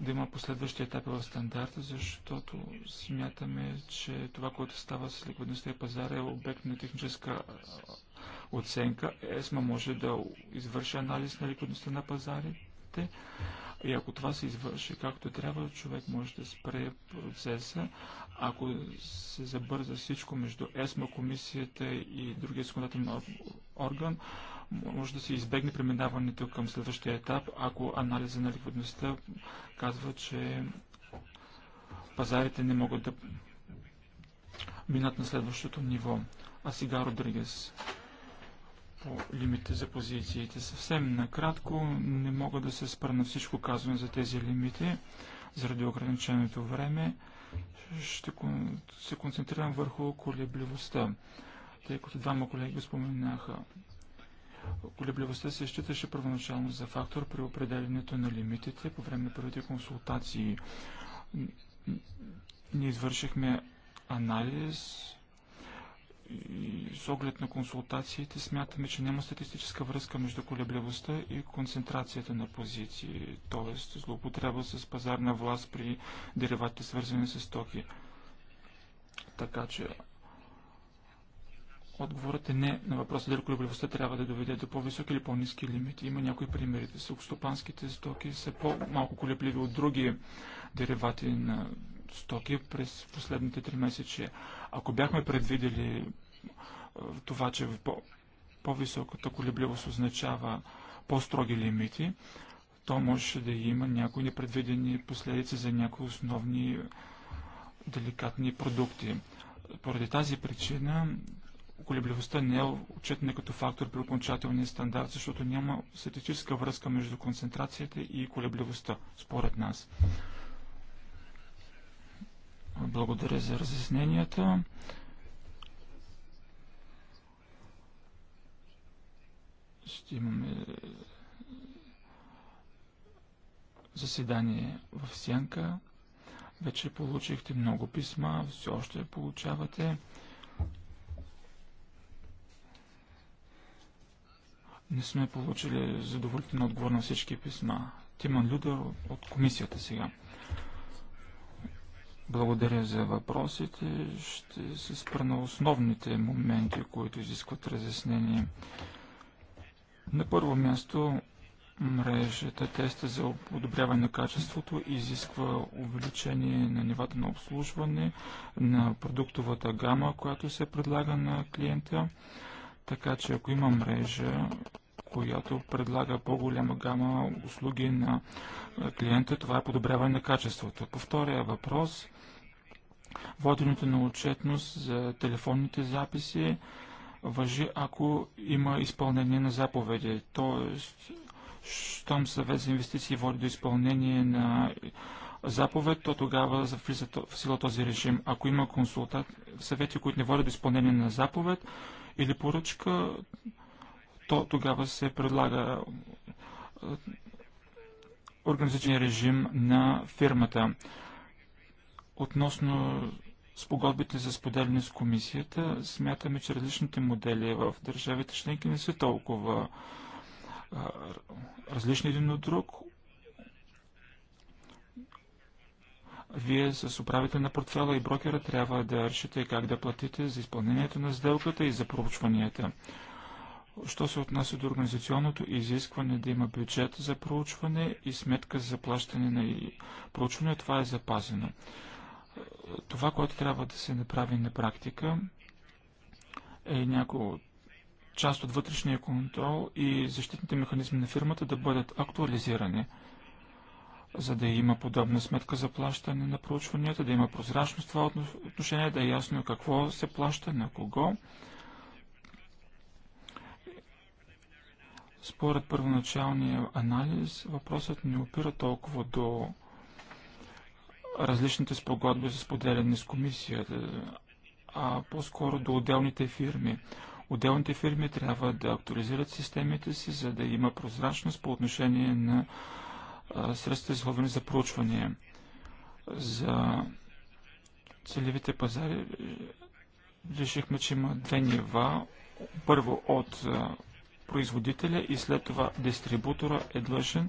да има последващи етапи в стандарта, защото смятаме, че това, което става с ликвидността и пазара е обект на техническа оценка. ЕСМА може да извърши анализ на ликвидността на пазарите, и ако това се извърши както трябва, човек може да спре процеса. Ако се забърза всичко между ЕСМА, комисията и другия законодателен орган, може да се избегне преминаването към следващия етап, ако анализа на ликвидността казва, че пазарите не могат да минат на следващото ниво. А сега Родригес по лимите за позициите. Съвсем накратко не мога да се спра на всичко казване за тези лимити, заради ограниченото време. Ще се концентрирам върху колебливостта, тъй като двама колеги споменаха. Колебливостта се считаше първоначално за фактор при определенето на лимитите по време на първите консултации. Ние извършихме анализ и с оглед на консултациите смятаме, че няма статистическа връзка между колебливостта и концентрацията на позиции, т.е. злоупотреба с пазарна власт при дериватите свързани с стоки. Така че отговорът е не на въпроса дали колебливостта трябва да доведе до по-високи или по-низки лимити. Има някои примери. Сукстопанските стоки са по-малко колебливи от други деривати на стоки през последните три месечи. Ако бяхме предвидели е, това, че по- по-високата колебливост означава по-строги лимити, то можеше да има някои непредвидени последици за някои основни е, деликатни продукти. Поради тази причина колебливостта не е отчетена като фактор при окончателния стандарт, защото няма статическа връзка между концентрацията и колебливостта, според нас. Благодаря за разясненията. Ще имаме е, заседание в Сянка. Вече получихте много писма, все още получавате. Не сме получили задоволителен отговор на всички писма. Тиман Людър от комисията сега. Благодаря за въпросите. Ще се спра на основните моменти, които изискват разяснение. На първо място, мрежата теста за подобряване на качеството изисква увеличение на нивата на обслужване, на продуктовата гама, която се предлага на клиента. Така че ако има мрежа, която предлага по-голяма гама услуги на клиента, това е подобряване на качеството. По втория въпрос, воденето на отчетност за телефонните записи въжи, ако има изпълнение на заповеди. Тоест, щом съвет за инвестиции води до изпълнение на заповед, то тогава влиза в сила този режим. Ако има консултат, съвети, които не водят до изпълнение на заповед или поръчка, то тогава се предлага организационния режим на фирмата. Относно спогодбите за споделяне с комисията, смятаме, че различните модели в държавите членки не са толкова а, различни един от друг. Вие с управите на портфела и брокера трябва да решите как да платите за изпълнението на сделката и за проучванията. Що се отнася до организационното изискване да има бюджет за проучване и сметка за плащане на проучване, това е запазено. Това, което трябва да се направи на практика, е някои част от вътрешния контрол и защитните механизми на фирмата да бъдат актуализирани, за да има подобна сметка за плащане на проучванията, да има прозрачност в това отношение, да е ясно какво се плаща, на кого. Според първоначалния анализ, въпросът не опира толкова до различните спогодби за споделяне с комисията, а по-скоро до отделните фирми. Отделните фирми трябва да актуализират системите си, за да има прозрачност по отношение на средства, изходени за проучване. За целевите пазари решихме, че има две нива. Първо от производителя и след това дистрибутора е длъжен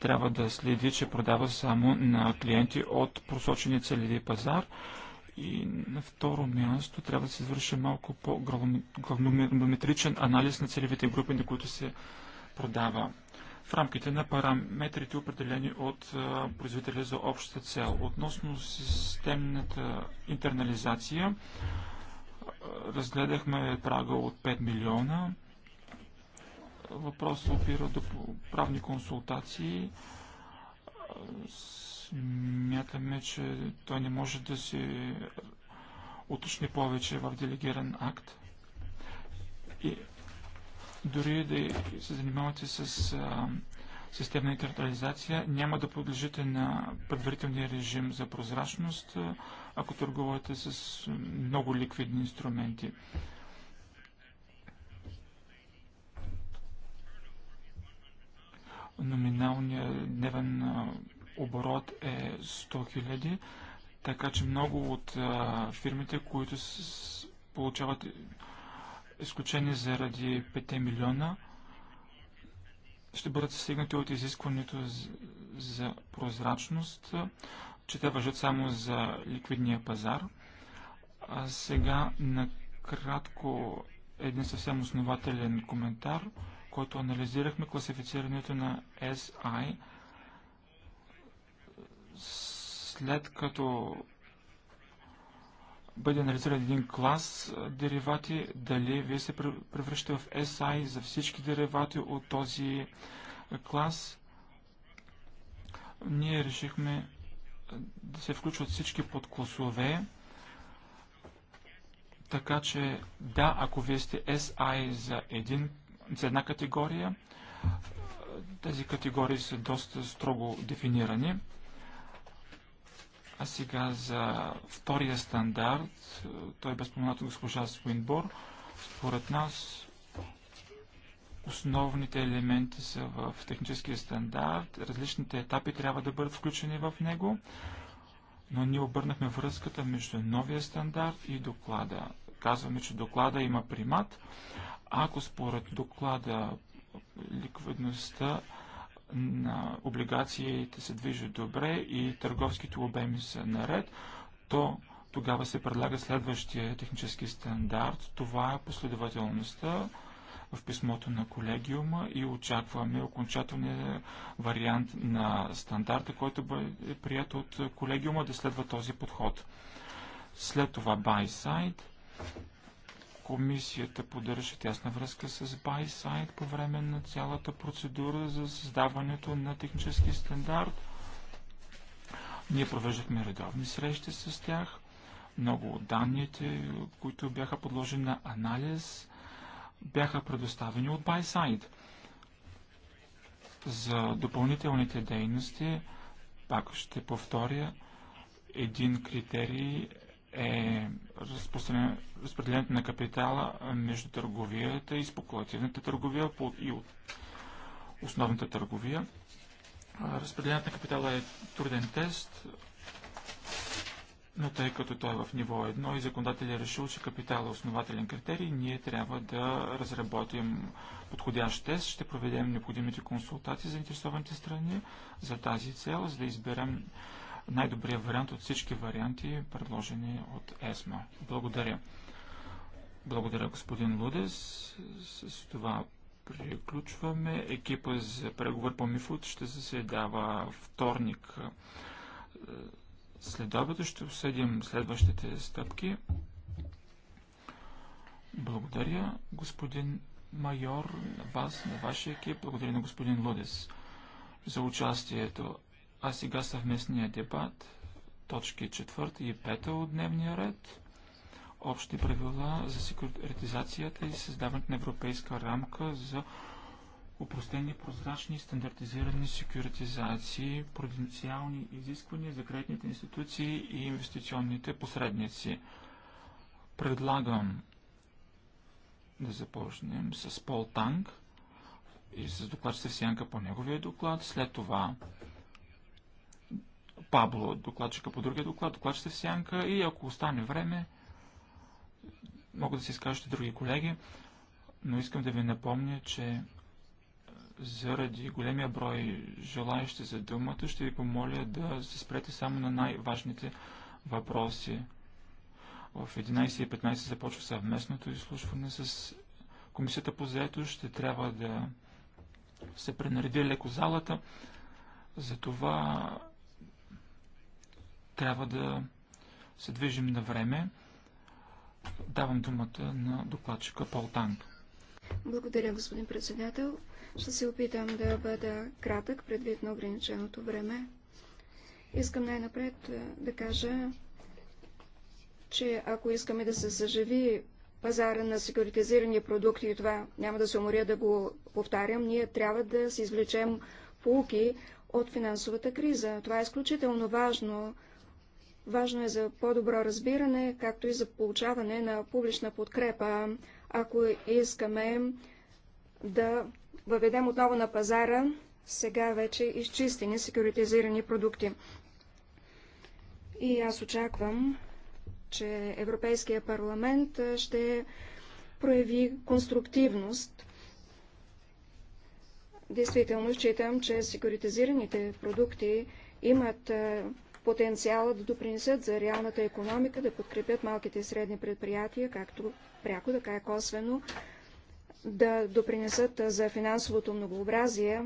трябва да следи, че продава само на клиенти от просочени целеви пазар. И на второ място трябва да се извърши малко по-главнометричен анализ на целевите групи, на които се продава в рамките на параметрите, определени от производителя за общата цел. Относно системната интернализация, разгледахме прага от 5 милиона се опира до правни консултации. Смятаме, че той не може да се уточни повече в делегиран акт. И дори да се занимавате с а, системна интернализация, няма да подлежите на предварителния режим за прозрачност, ако търгувате с много ликвидни инструменти. номиналният дневен оборот е 100 000, така че много от фирмите, които получават изключени заради 5 милиона, ще бъдат стигнати от изискването за прозрачност, че те въжат само за ликвидния пазар. А сега накратко един съвсем основателен коментар – който анализирахме класифицирането на SI, след като бъде анализиран един клас деривати, дали вие се превръща в SI за всички деривати от този клас, ние решихме да се включват всички подкласове, така че да, ако вие сте SI за един за една категория. Тези категории са доста строго дефинирани. А сега за втория стандарт, той е бе споменат от госпожа Свинбор, според нас основните елементи са в техническия стандарт, различните етапи трябва да бъдат включени в него, но ние обърнахме връзката между новия стандарт и доклада. Казваме, че доклада има примат, ако според доклада ликвидността на облигациите се движи добре и търговските обеми са наред, то тогава се предлага следващия технически стандарт. Това е последователността в писмото на колегиума и очакваме окончателния вариант на стандарта, който бъде прият от колегиума да следва този подход. След това buy side Комисията поддържа тясна връзка с BySide по време на цялата процедура за създаването на технически стандарт. Ние провеждахме редовни срещи с тях. Много от данните, които бяха подложени на анализ, бяха предоставени от BySide. За допълнителните дейности, пак ще повторя, един критерий е разпределението на капитала между търговията и спекулативната търговия и от основната търговия. Разпределението на капитала е труден тест, но тъй като той е в ниво 1 и законодателят е решил, че капитал е основателен критерий, ние трябва да разработим подходящ тест, ще проведем необходимите консултации за интересованите страни за тази цел, за да изберем най-добрият вариант от всички варианти, предложени от ЕСМА. Благодаря. Благодаря, господин Лудес. С това приключваме. Екипа за преговор по Мифуд ще заседава вторник е, след обеда. Ще обсъдим следващите стъпки. Благодаря, господин майор, на вас, на вашия екип. Благодаря на господин Лудес за участието. А сега съвместния дебат, точки 4 и 5 от дневния ред. Общи правила за секретизацията и създаването на европейска рамка за упростени, прозрачни и стандартизирани секюритизации, проденциални изисквания за кредитните институции и инвестиционните посредници. Предлагам да започнем с Пол Танг и с доклад Сянка по неговия доклад. След това Пабло, е докладчика по другия доклад, докладчица в сянка и ако остане време, могат да се изкажат и други колеги, но искам да ви напомня, че е, заради големия брой желаящи за думата, ще ви помоля да се спрете само на най-важните въпроси. В 11.15 започва съвместното изслушване с Комисията по заето. Ще трябва да се пренареди леко залата. Затова трябва да се движим на време. Давам думата на докладчика Пол Танк. Благодаря, господин председател. Ще се опитам да бъда кратък, предвид на ограниченото време. Искам най-напред е, да кажа, че ако искаме да се съживи пазара на секюритизирани продукти, и това няма да се уморя да го повтарям, ние трябва да се извлечем полуки от финансовата криза. Това е изключително важно, Важно е за по-добро разбиране, както и за получаване на публична подкрепа, ако искаме да въведем отново на пазара сега вече изчистени, секюритизирани продукти. И аз очаквам, че Европейския парламент ще прояви конструктивност. Действително считам, че секюритизираните продукти имат потенциала да допринесат за реалната економика, да подкрепят малките и средни предприятия, както пряко, така и косвено, да допринесат за финансовото многообразие,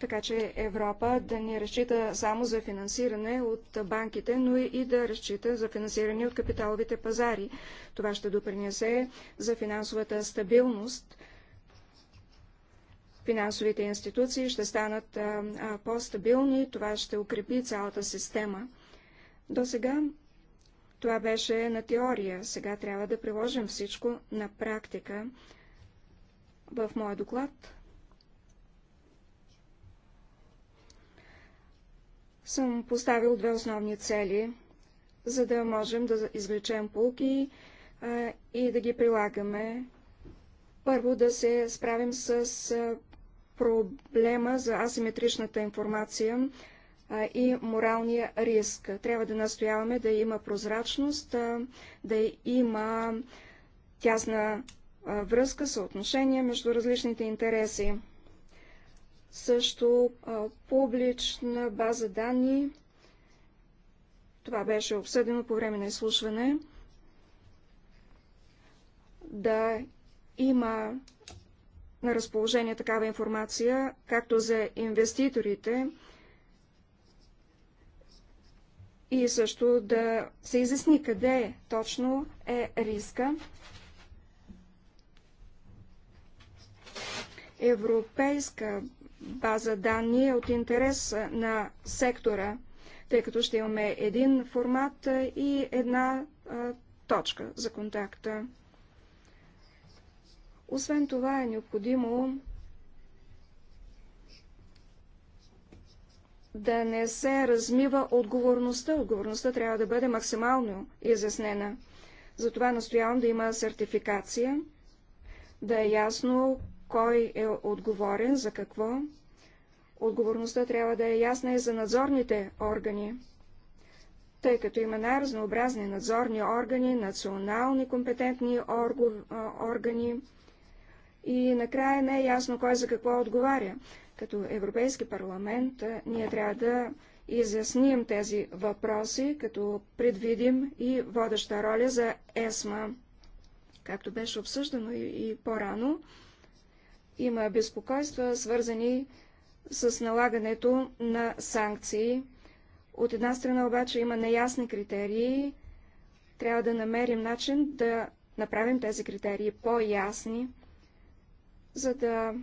така че Европа да не разчита само за финансиране от банките, но и да разчита за финансиране от капиталовите пазари. Това ще допринесе за финансовата стабилност финансовите институции ще станат по-стабилни, това ще укрепи цялата система. До сега това беше на теория, сега трябва да приложим всичко на практика. В моя доклад съм поставил две основни цели, за да можем да извлечем полки и да ги прилагаме. Първо да се справим с проблема за асиметричната информация и моралния риск. Трябва да настояваме да има прозрачност, да има тясна връзка, съотношение между различните интереси. Също публична база данни. Това беше обсъдено по време на изслушване. Да има на разположение такава информация, както за инвеститорите, и също да се изясни къде точно е риска. Европейска база данни е от интерес на сектора, тъй като ще имаме един формат и една а, точка за контакта. Освен това е необходимо да не се размива отговорността. Отговорността трябва да бъде максимално изяснена. Затова настоявам да има сертификация, да е ясно кой е отговорен за какво. Отговорността трябва да е ясна и за надзорните органи, тъй като има най-разнообразни надзорни органи, национални компетентни органи, и накрая не е ясно кой за какво отговаря. Като Европейски парламент ние трябва да изясним тези въпроси, като предвидим и водеща роля за ЕСМА. Както беше обсъждано и, и по-рано, има безпокойства, свързани с налагането на санкции. От една страна обаче има неясни критерии. Трябва да намерим начин да направим тези критерии по-ясни за да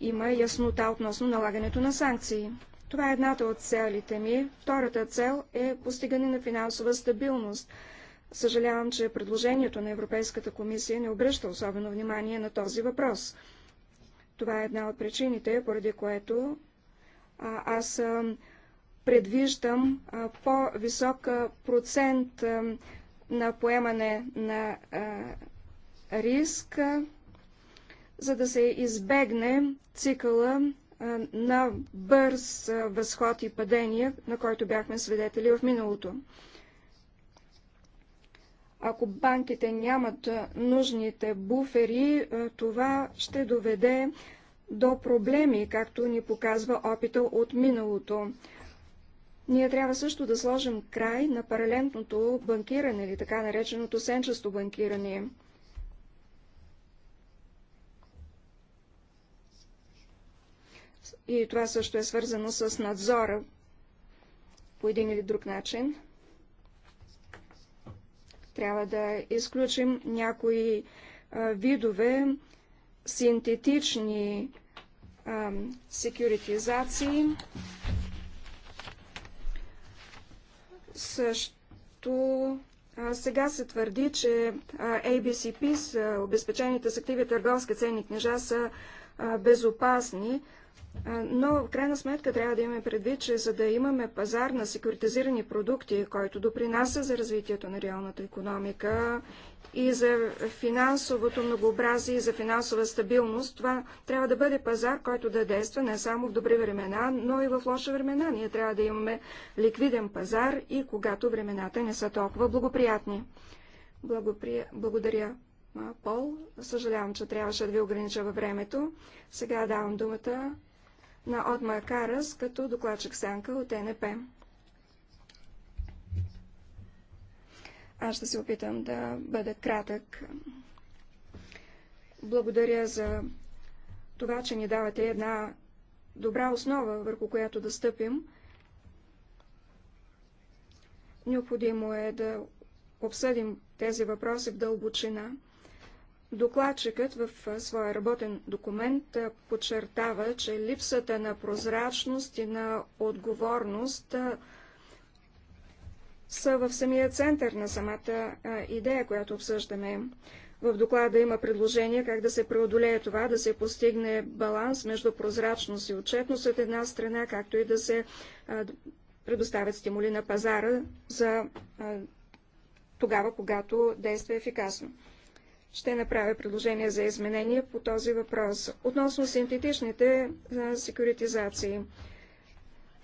има яснота относно налагането на санкции. Това е едната от целите ми. Втората цел е постигане на финансова стабилност. Съжалявам, че предложението на Европейската комисия не обръща особено внимание на този въпрос. Това е една от причините, поради което аз предвиждам по-висок процент на поемане на риска. риск за да се избегне цикъла на бърз възход и падение, на който бяхме свидетели в миналото. Ако банките нямат нужните буфери, това ще доведе до проблеми, както ни показва опита от миналото. Ние трябва също да сложим край на паралентното банкиране или така нареченото сенчесто банкиране. и това също е свързано с надзора по един или друг начин. Трябва да изключим някои видове синтетични секюритизации. Също сега се твърди, че ABCP, обезпечените с активи търговска ценни книжа, са безопасни, но в крайна сметка трябва да имаме предвид, че за да имаме пазар на секюритизирани продукти, който допринася за развитието на реалната економика и за финансовото многообразие и за финансова стабилност, това трябва да бъде пазар, който да действа не само в добри времена, но и в лоши времена. Ние трябва да имаме ликвиден пазар и когато времената не са толкова благоприятни. Благопри... Благодаря. Пол, съжалявам, че трябваше да ви огранича във времето. Сега давам думата на Отма Карас като докладчик Сянка от НП. Аз ще се опитам да бъда кратък. Благодаря за това, че ни давате една добра основа, върху която да стъпим. Необходимо е да обсъдим тези въпроси в дълбочина. Докладчикът в своя работен документ подчертава, че липсата на прозрачност и на отговорност са в самия център на самата идея, която обсъждаме. В доклада има предложение как да се преодолее това, да се постигне баланс между прозрачност и отчетност от една страна, както и да се предоставят стимули на пазара за тогава, когато действа ефикасно ще направя предложение за изменение по този въпрос. Относно синтетичните секюритизации,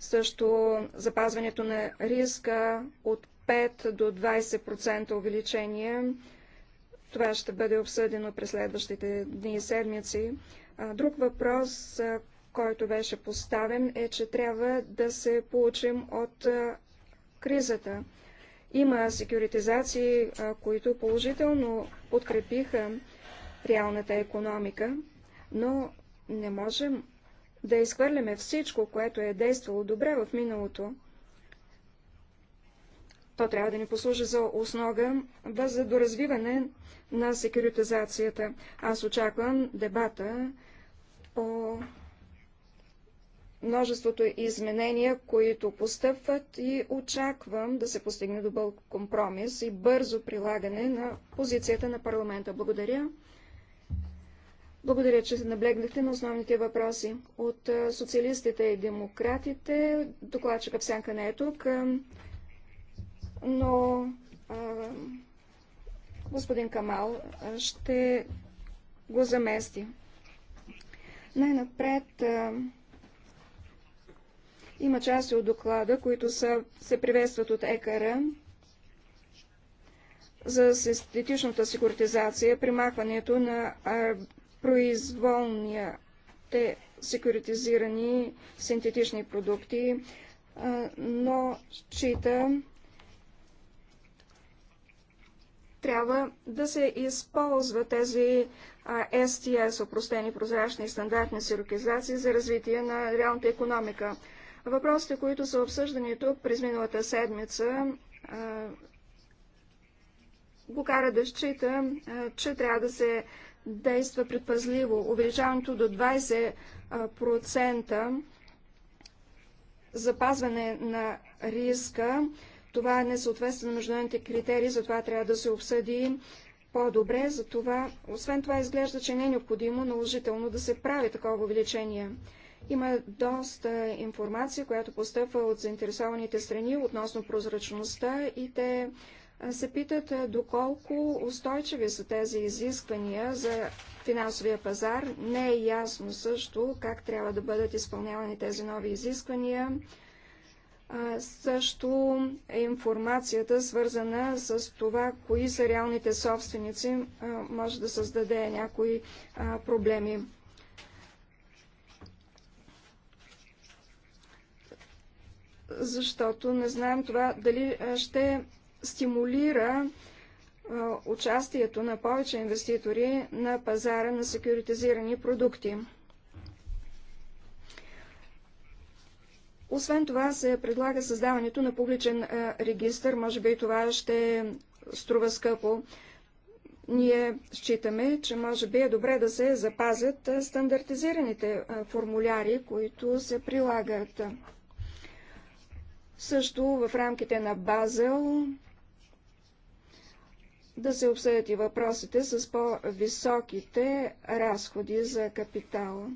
също запазването на риска от 5 до 20% увеличение, това ще бъде обсъдено през следващите дни и седмици. Друг въпрос, който беше поставен, е, че трябва да се получим от кризата. Има секюритизации, които положително подкрепиха реалната економика, но не можем да изхвърляме всичко, което е действало добре в миналото. То трябва да ни послужи за основа за доразвиване на секюритизацията. Аз очаквам дебата по множеството изменения, които постъпват и очаквам да се постигне добър компромис и бързо прилагане на позицията на парламента. Благодаря. Благодаря, че се наблегнахте на основните въпроси. От социалистите и демократите, докладчика Псянка не е тук, но а, господин Камал ще го замести. Най-напред има части от доклада, които са, се приветстват от ЕКР за синтетичната секуритизация, примахването на произволния те секуритизирани синтетични продукти, но чита трябва да се използва тези STS, опростени прозрачни и стандартни сирокизации за развитие на реалната економика. Въпросите, които са обсъждани тук през миналата седмица, го кара да счита, че трябва да се действа предпазливо. Увеличаването до 20% запазване на риска, това е несъответствие на международните критерии, затова трябва да се обсъди по-добре, затова, освен това изглежда, че не е необходимо наложително да се прави такова увеличение. Има доста информация, която постъпва от заинтересованите страни относно прозрачността и те се питат доколко устойчиви са тези изисквания за финансовия пазар. Не е ясно също как трябва да бъдат изпълнявани тези нови изисквания. А, също е информацията, свързана с това, кои са реалните собственици, а, може да създаде някои а, проблеми. защото не знаем това дали ще стимулира участието на повече инвеститори на пазара на секюритизирани продукти. Освен това се предлага създаването на публичен регистр. Може би това ще струва скъпо. Ние считаме, че може би е добре да се запазят стандартизираните формуляри, които се прилагат. Също в рамките на Базел да се обсъдят и въпросите с по-високите разходи за капитала.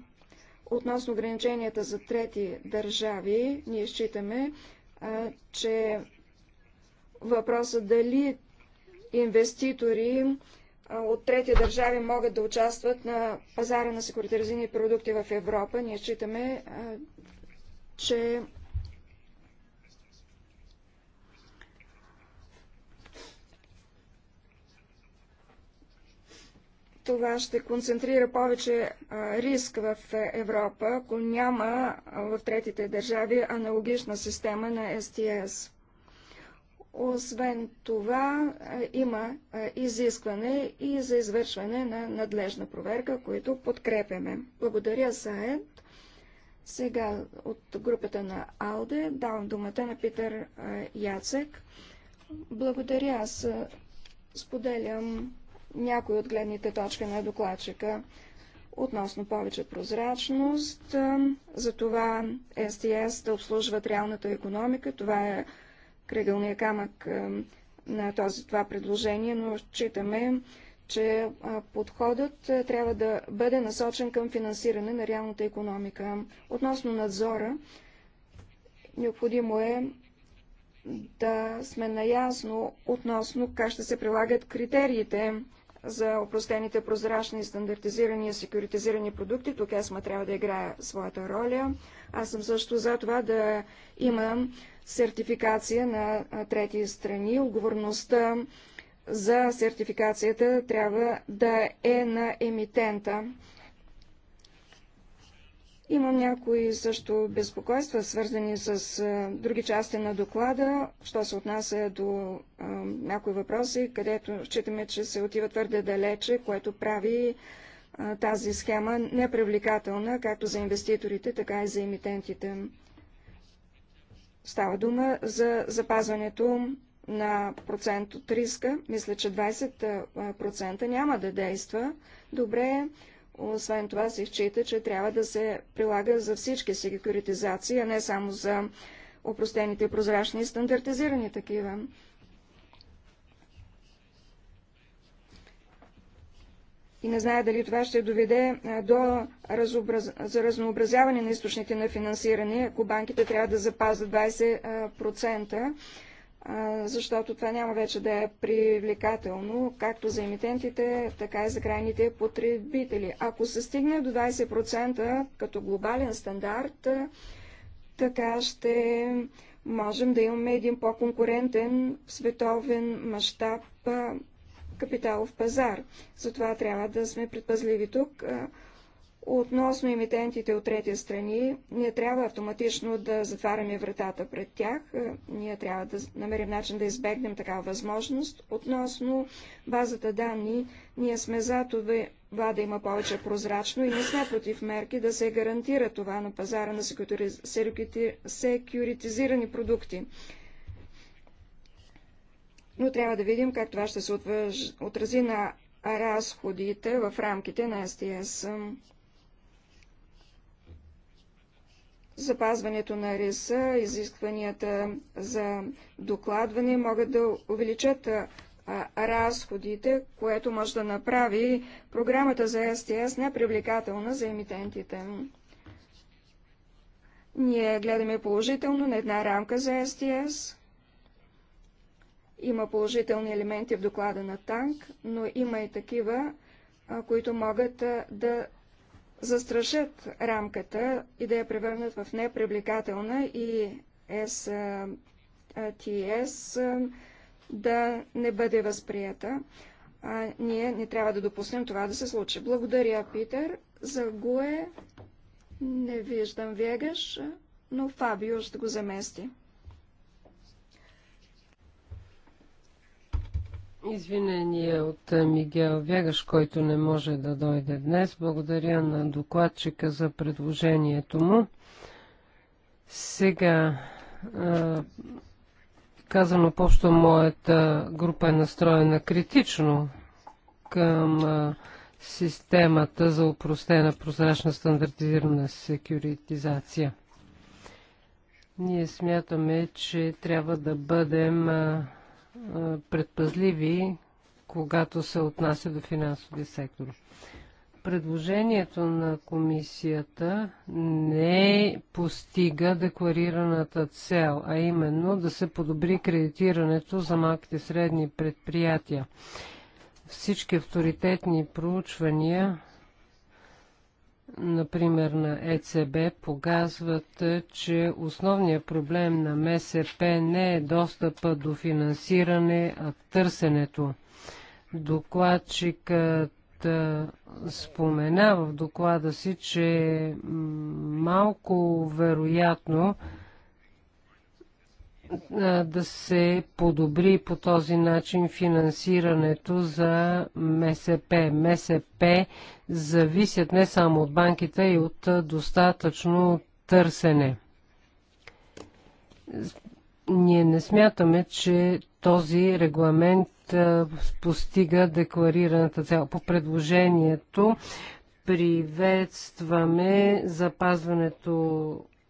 Относно ограниченията за трети държави, ние считаме, че въпросът дали инвеститори от трети държави могат да участват на пазара на секуритаризирани продукти в Европа, ние считаме, че Това ще концентрира повече риск в е, Европа, ако няма в третите държави аналогична система на СТС. Освен това, има изискване и за извършване на надлежна проверка, които подкрепяме. Благодаря, Саед. Сега от групата на АЛДЕ давам думата на Питър Яцек. Благодаря, аз споделям някои от гледните точки на докладчика относно повече прозрачност, за това СТС да обслужват реалната економика. Това е кръгълния камък е, на този, това предложение, но считаме, че е, подходът е, трябва да бъде насочен към финансиране на реалната економика. Относно надзора, необходимо е да сме наясно относно как ще се прилагат критериите за опростените прозрачни, стандартизирани и секюритизирани продукти. Тук ЕСМА трябва да играе своята роля. Аз съм също за това да има сертификация на трети страни. Отговорността за сертификацията трябва да е на емитента. Имам някои също безпокойства, свързани с други части на доклада, що се отнася до а, някои въпроси, където считаме, че се отива твърде далече, което прави а, тази схема непривлекателна, както за инвеститорите, така и за емитентите. Става дума за запазването на процент от риска. Мисля, че 20% няма да действа. Добре освен това се счита, че трябва да се прилага за всички секюритизации, а не само за опростените, прозрачни и стандартизирани такива. и не знае дали това ще доведе до разобраз... за разнообразяване на източните на финансиране, ако банките трябва да запазят 20% защото това няма вече да е привлекателно, както за емитентите, така и за крайните потребители. Ако се стигне до 20% като глобален стандарт, така ще можем да имаме един по-конкурентен световен мащаб капиталов пазар. Затова трябва да сме предпазливи тук. Относно имитентите от трети страни, ние трябва автоматично да затваряме вратата пред тях. Е, ние трябва да намерим начин да избегнем такава възможност. Относно базата данни, ние сме за това да има повече прозрачно и не сме против мерки да се гарантира това на пазара на секюритизирани продукти. Но трябва да видим как това ще се отрази на разходите в рамките на СТС. запазването на риса, изискванията за докладване могат да увеличат разходите, което може да направи програмата за СТС непривлекателна за емитентите. Ние гледаме положително на една рамка за СТС. Има положителни елементи в доклада на танк, но има и такива, които могат да застрашат рамката и да я превърнат в непривлекателна и STS да не бъде възприета. А ние не трябва да допуснем това да се случи. Благодаря, Питер. За Гуе не виждам Вегаш, но Фабио ще го замести. Извинение от е, Мигел Вягаш, който не може да дойде днес. Благодаря на докладчика за предложението му. Сега, е, казано по-общо, моята група е настроена критично към е, системата за упростена прозрачна стандартизирана секюритизация. Ние смятаме, че трябва да бъдем предпазливи, когато се отнася до финансовия сектор. Предложението на комисията не постига декларираната цел, а именно да се подобри кредитирането за малките средни предприятия. Всички авторитетни проучвания например на ЕЦБ, показват, е, че основният проблем на МСП не е достъпа до финансиране, а търсенето. Докладчикът е, спомена в доклада си, че е малко вероятно да се подобри по този начин финансирането за МСП. МСП зависят не само от банките и от достатъчно търсене. Ние не смятаме, че този регламент постига декларираната цел. По предложението приветстваме запазването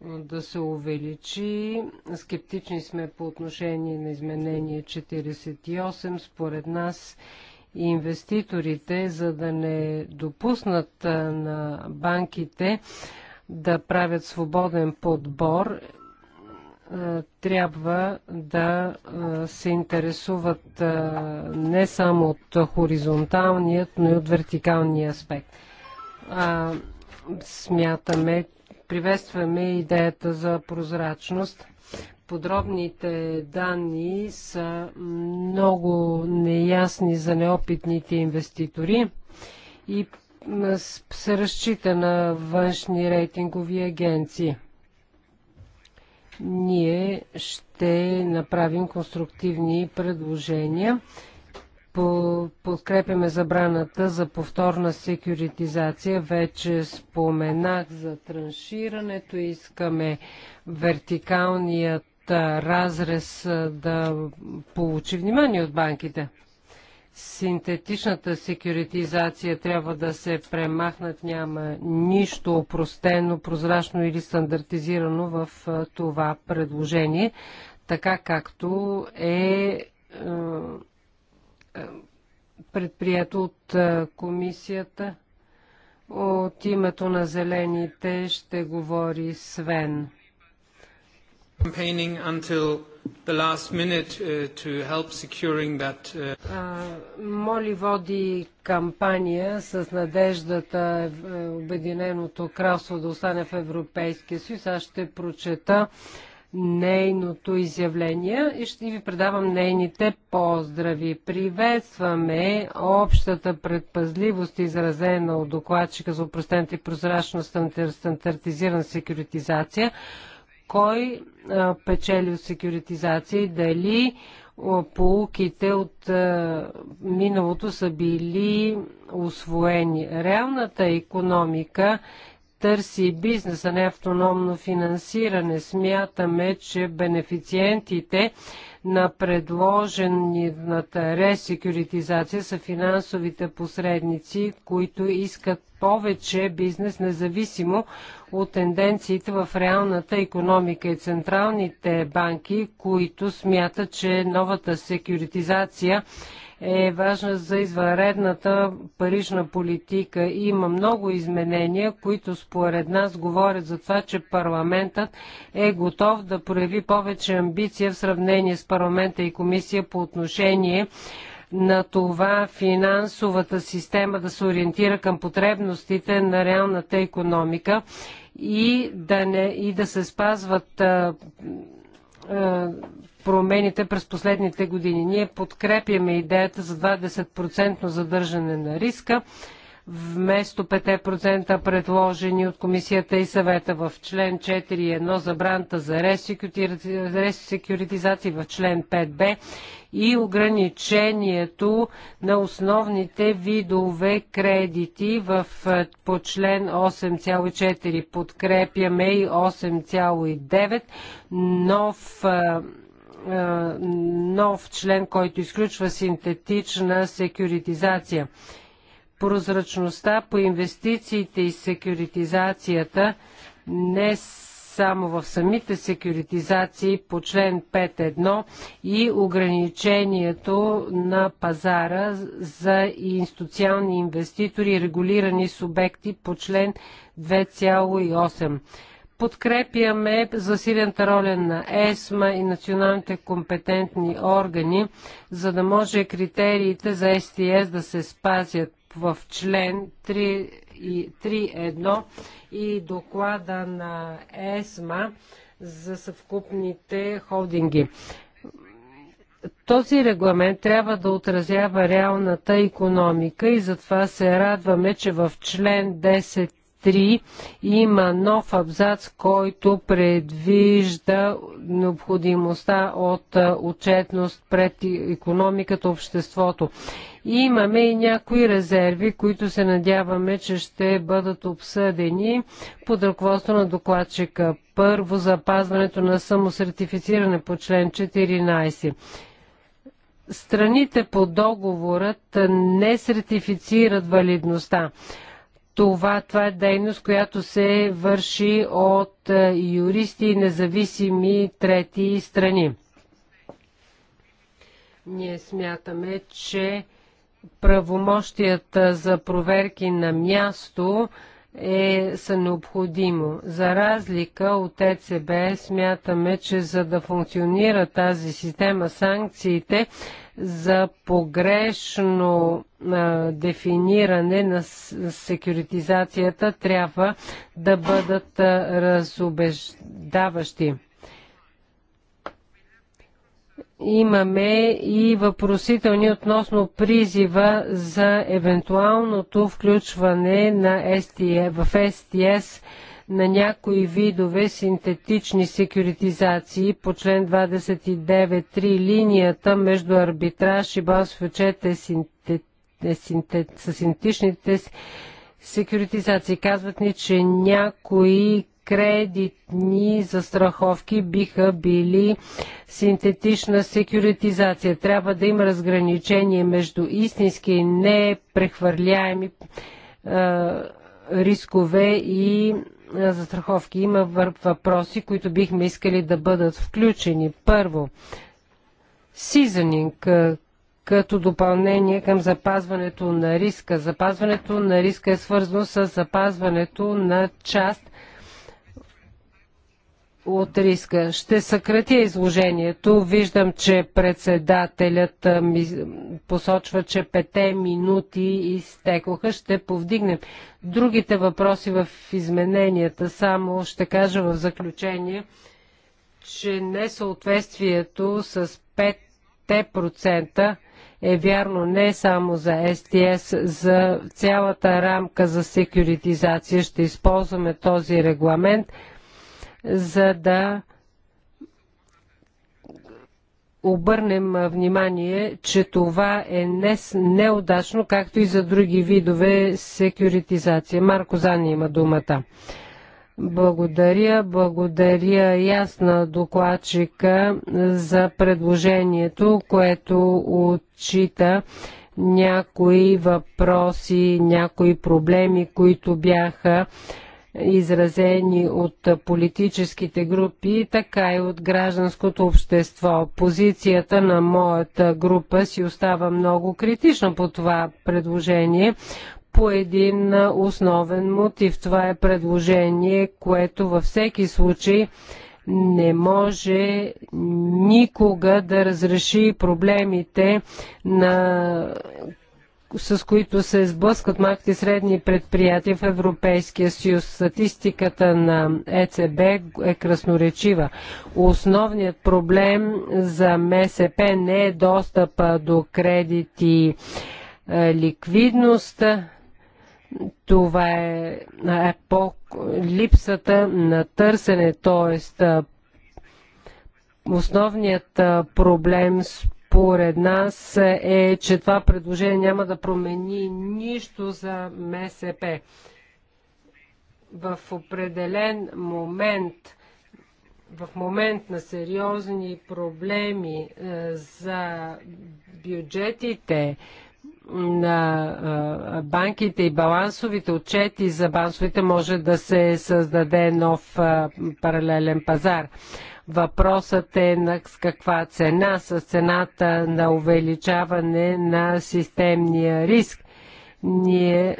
да се увеличи. Скептични сме по отношение на изменение 48. Според нас инвеститорите, за да не допуснат на банките да правят свободен подбор, трябва да се интересуват не само от хоризонталният, но и от вертикалния аспект. Смятаме, Приветстваме идеята за прозрачност. Подробните данни са много неясни за неопитните инвеститори и се разчита на външни рейтингови агенции. Ние ще направим конструктивни предложения по подкрепяме забраната за повторна секюритизация. Вече споменах за транширането. Искаме вертикалният разрез да получи внимание от банките. Синтетичната секюритизация трябва да се премахнат. Няма нищо опростено, прозрачно или стандартизирано в това предложение, така както е предприето от комисията. От името на зелените ще говори Свен. Uh, uh, моли води кампания с надеждата е, Обединеното кралство да остане в Европейския съюз. Аз ще прочета нейното изявление и ще ви предавам нейните поздрави. Приветстваме общата предпазливост, изразена от докладчика за упростената и прозрачна стандартизирана секюритизация. Кой а, печели от секюритизация и дали полуките от а, миналото са били освоени. Реалната економика търси бизнес, а не автономно финансиране. Смятаме, че бенефициентите на предложената ресекюритизация са финансовите посредници, които искат повече бизнес, независимо от тенденциите в реалната економика и централните банки, които смятат, че новата секюритизация е важна за извънредната парижна политика. И има много изменения, които според нас говорят за това, че парламентът е готов да прояви повече амбиция в сравнение с парламента и комисия по отношение на това финансовата система да се ориентира към потребностите на реалната економика и да, не, и да се спазват а, а, промените през последните години. Ние подкрепяме идеята за 20% задържане на риска вместо 5% предложени от комисията и съвета в член 4.1 забраната за ресекюритизация в член 5b и ограничението на основните видове кредити в, е, по член 8.4. Подкрепяме и 8.9 нов е, е, нов член, който изключва синтетична секюритизация. Прозрачността по инвестициите и секюритизацията не само в самите секюритизации по член 5.1 и ограничението на пазара за институционални инвеститори и регулирани субекти по член 2.8. Подкрепяме засилената роля на ЕСМА и националните компетентни органи, за да може критериите за СТС да се спазят в член 3.1 и доклада на ЕСМА за съвкупните холдинги. Този регламент трябва да отразява реалната економика и затова се радваме, че в член 10 3 има нов абзац, който предвижда необходимостта от отчетност пред економиката, обществото. И имаме и някои резерви, които се надяваме, че ще бъдат обсъдени под ръководство на докладчика. Първо, запазването на самосертифициране по член 14 страните по договорът не сертифицират валидността това, това е дейност, която се върши от е, юристи и независими трети страни. Ние смятаме, че правомощията за проверки на място е, са необходимо. За разлика от ЕЦБ смятаме, че за да функционира тази система, санкциите за погрешно а, дефиниране на секюритизацията трябва да бъдат а, разобеждаващи. Имаме и въпросителни относно призива за евентуалното включване на STS, в СТС на някои видове синтетични секюритизации по член 29.3 линията между арбитраж и балансов отчет е е са синтетичните секюритизации. Казват ни, че някои кредитни застраховки биха били синтетична секюритизация. Трябва да има разграничение между истински и непрехвърляеми рискове и е, застраховки. Има въпроси, които бихме искали да бъдат включени. Първо, сизанинг е, като допълнение към запазването на риска. Запазването на риска е свързано с запазването на част – от риска. Ще съкратя изложението. Виждам, че председателят ми посочва, че пете минути изтекоха. Ще повдигнем другите въпроси в измененията. Само ще кажа в заключение, че несъответствието с 5% е вярно не само за СТС, за цялата рамка за секюритизация. Ще използваме този регламент – за да обърнем внимание, че това е днес неудачно, както и за други видове секюритизация. Марко Зани има думата. Благодаря, благодаря ясна на докладчика за предложението, което отчита някои въпроси, някои проблеми, които бяха изразени от политическите групи, така и от гражданското общество. Позицията на моята група си остава много критична по това предложение по един основен мотив. Това е предложение, което във всеки случай не може никога да разреши проблемите, на с които се сблъскват малките и средни предприятия в Европейския съюз. Статистиката на ЕЦБ е красноречива. Основният проблем за МСП не е достъпа до кредити ликвидност. Това е, е по липсата на търсене, т.е. основният проблем с според нас е, че това предложение няма да промени нищо за МСП. В определен момент, в момент на сериозни проблеми е, за бюджетите, на е, банките и балансовите отчети за балансовите може да се създаде нов е, паралелен пазар. Въпросът е на с каква цена, с цената на увеличаване на системния риск. Ние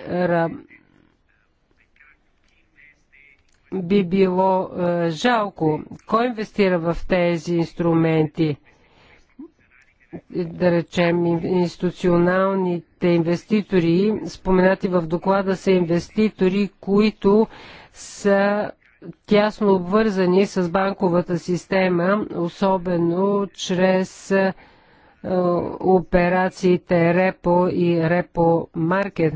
би било е, жалко. Кой инвестира в тези инструменти? да речем, институционалните инвеститори, споменати в доклада, са инвеститори, които са тясно обвързани с банковата система, особено чрез е, операциите Репо и Репо Маркет.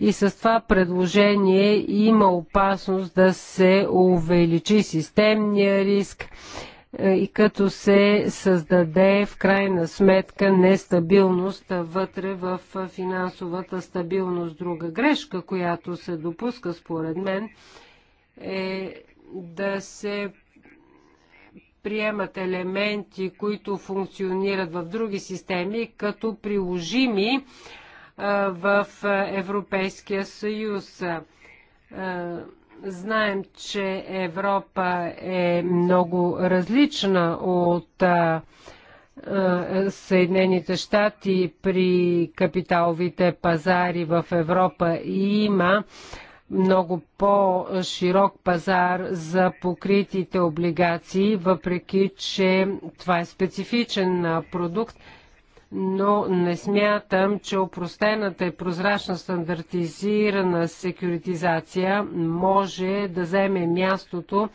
И с това предложение има опасност да се увеличи системния риск е, и като се създаде в крайна сметка нестабилност вътре в финансовата стабилност. Друга грешка, която се допуска според мен, е да се приемат елементи, които функционират в други системи, като приложими в Европейския съюз. Знаем, че Европа е много различна от Съединените щати при капиталовите пазари в Европа и има много по-широк пазар за покритите облигации, въпреки че това е специфичен продукт, но не смятам, че опростената и прозрачна стандартизирана секюритизация може да вземе мястото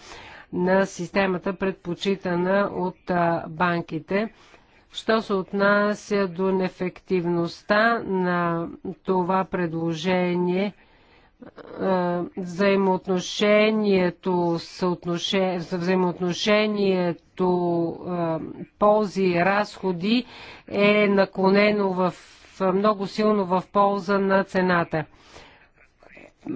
на системата, предпочитана от банките. Що се отнася до неефективността на това предложение – взаимоотношението, съотноше, за взаимоотношението ползи и разходи е наклонено в, много силно в полза на цената. Е,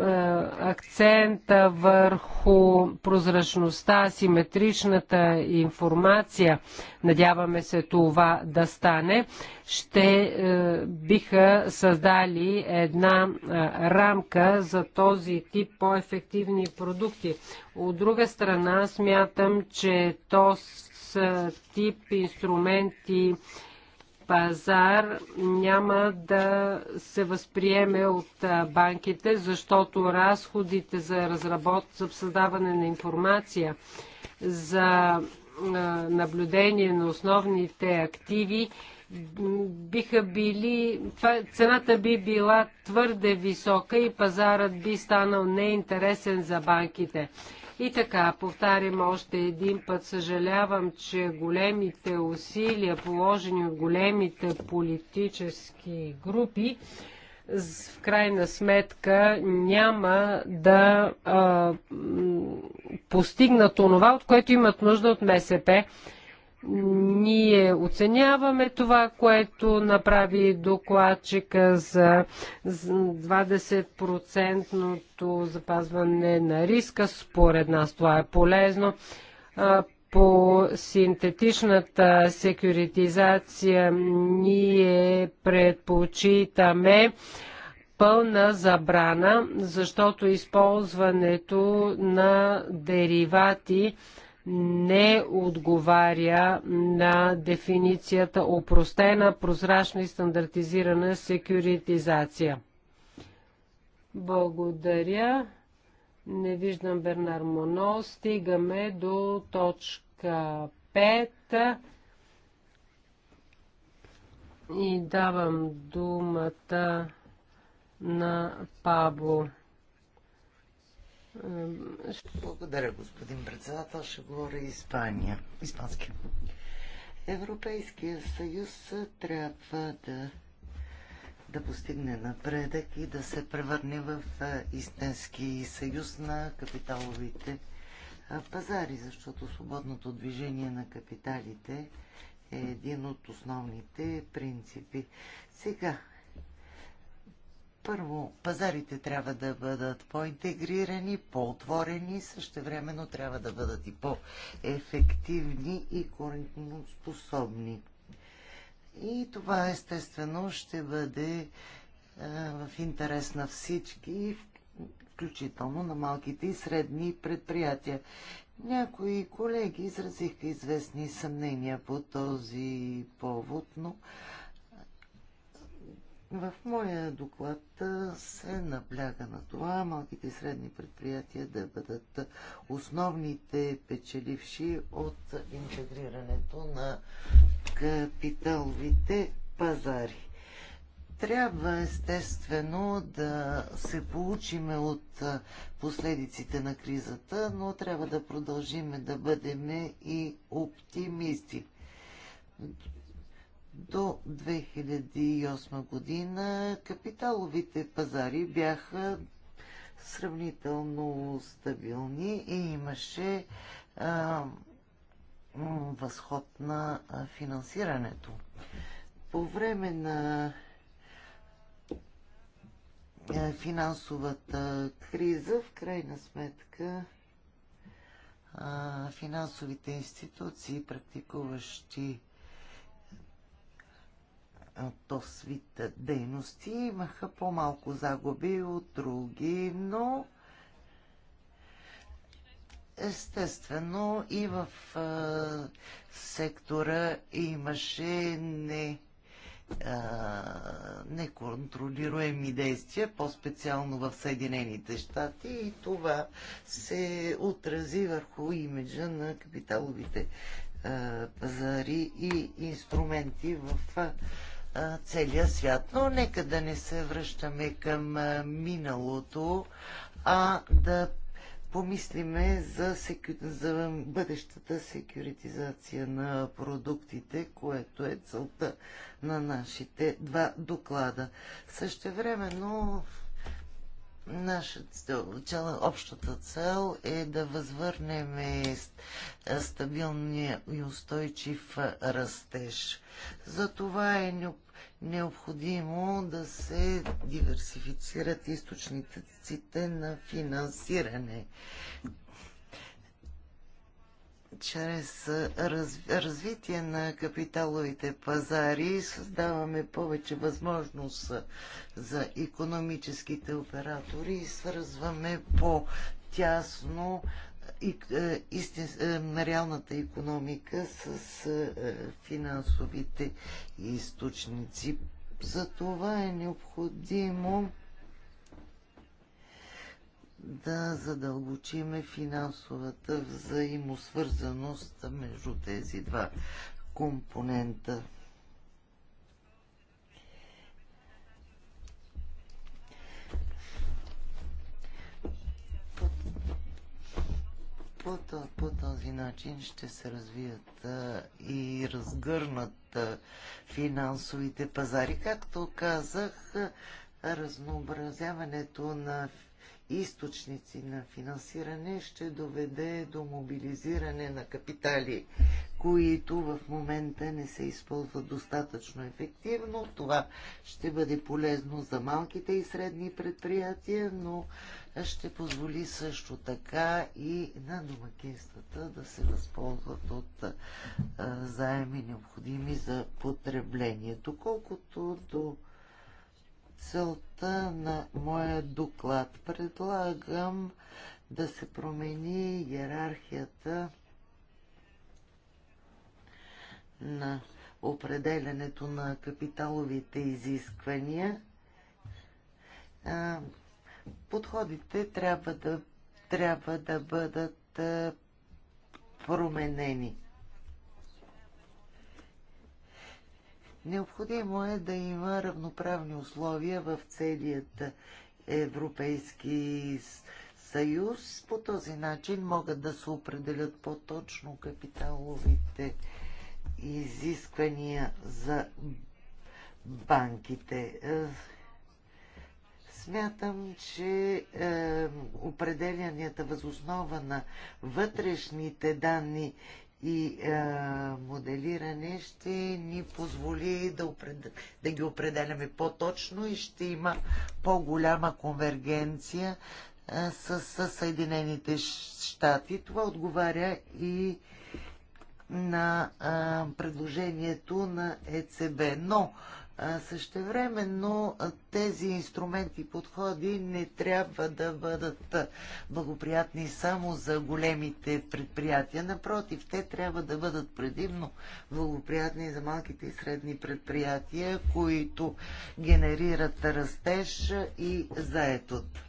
акцента върху прозрачността, симетричната информация, надяваме се това да стане, ще е, биха създали една е, рамка за този тип по-ефективни продукти. От друга страна, смятам, че този тип инструменти пазар няма да се възприеме от банките, защото разходите за разработ, за създаване на информация, за наблюдение на основните активи, биха били, цената би била твърде висока и пазарът би станал неинтересен за банките. И така, повтарям още един път, съжалявам, че големите усилия, положени от големите политически групи, в крайна сметка няма да а, постигнат онова, от което имат нужда от МСП. Ние оценяваме това, което направи докладчика за 20% запазване на риска. Според нас това е полезно. По синтетичната секюритизация ние предпочитаме пълна забрана, защото използването на деривати не отговаря на дефиницията опростена, прозрачна и стандартизирана секюритизация. Благодаря. Не виждам Бернар Моно. Стигаме до точка 5 и давам думата на Пабло. Благодаря, господин председател. Ще говоря Испания. Испански. Европейския съюз трябва да, да постигне напредък и да се превърне в истински съюз на капиталовите пазари, защото свободното движение на капиталите е един от основните принципи. Сега първо, пазарите трябва да бъдат по-интегрирани, по-отворени, същевременно трябва да бъдат и по-ефективни и конкурентоспособни. И това естествено ще бъде е, в интерес на всички, включително на малките и средни предприятия. Някои колеги изразиха известни съмнения по този повод, но в моя доклад се набляга на това малките и средни предприятия да бъдат основните печеливши от интегрирането на капиталовите пазари. Трябва естествено да се получиме от последиците на кризата, но трябва да продължиме да бъдем и оптимисти до 2008 година капиталовите пазари бяха сравнително стабилни и имаше а, възход на финансирането. По време на финансовата криза, в крайна сметка, финансовите институции, практикуващи този вид дейности имаха по-малко загуби от други, но естествено и в а, сектора имаше не неконтролируеми действия, по-специално в Съединените щати и това се отрази върху имиджа на капиталовите пазари и инструменти в целия свят. Но нека да не се връщаме към миналото, а да помислиме за, секю... за бъдещата секюритизация на продуктите, което е целта на нашите два доклада. Също но нашата цел, общата цел е да възвърнем стабилния и устойчив растеж. За това е необходимо да се диверсифицират източниците на финансиране чрез развитие на капиталовите пазари създаваме повече възможност за економическите оператори и свързваме по-тясно на е, е, реалната економика с е, финансовите източници. За това е необходимо да задълбочиме финансовата взаимосвързаност между тези два компонента. по, по този начин ще се развият а, и разгърнат а, финансовите пазари. Както казах, разнообразяването на източници на финансиране ще доведе до мобилизиране на капитали, които в момента не се използват достатъчно ефективно. Това ще бъде полезно за малките и средни предприятия, но ще позволи също така и на домакинствата да се възползват от заеми необходими за потреблението. Колкото до целта на моя доклад. Предлагам да се промени иерархията на определенето на капиталовите изисквания. Подходите трябва да, трябва да бъдат променени. Необходимо е да има равноправни условия в целият Европейски съюз. По този начин могат да се определят по-точно капиталовите изисквания за банките. Е, смятам, че е, определянията възоснова на вътрешните данни и а, е, моделиране ще ни позволи да, опред... да ги определяме по-точно и ще има по-голяма конвергенция а, е, с, с Съединените щати. Това отговаря и на а, е, предложението на ЕЦБ. Но Същевременно тези инструменти и подходи не трябва да бъдат благоприятни само за големите предприятия. Напротив, те трябва да бъдат предимно благоприятни за малките и средни предприятия, които генерират растеж и заетост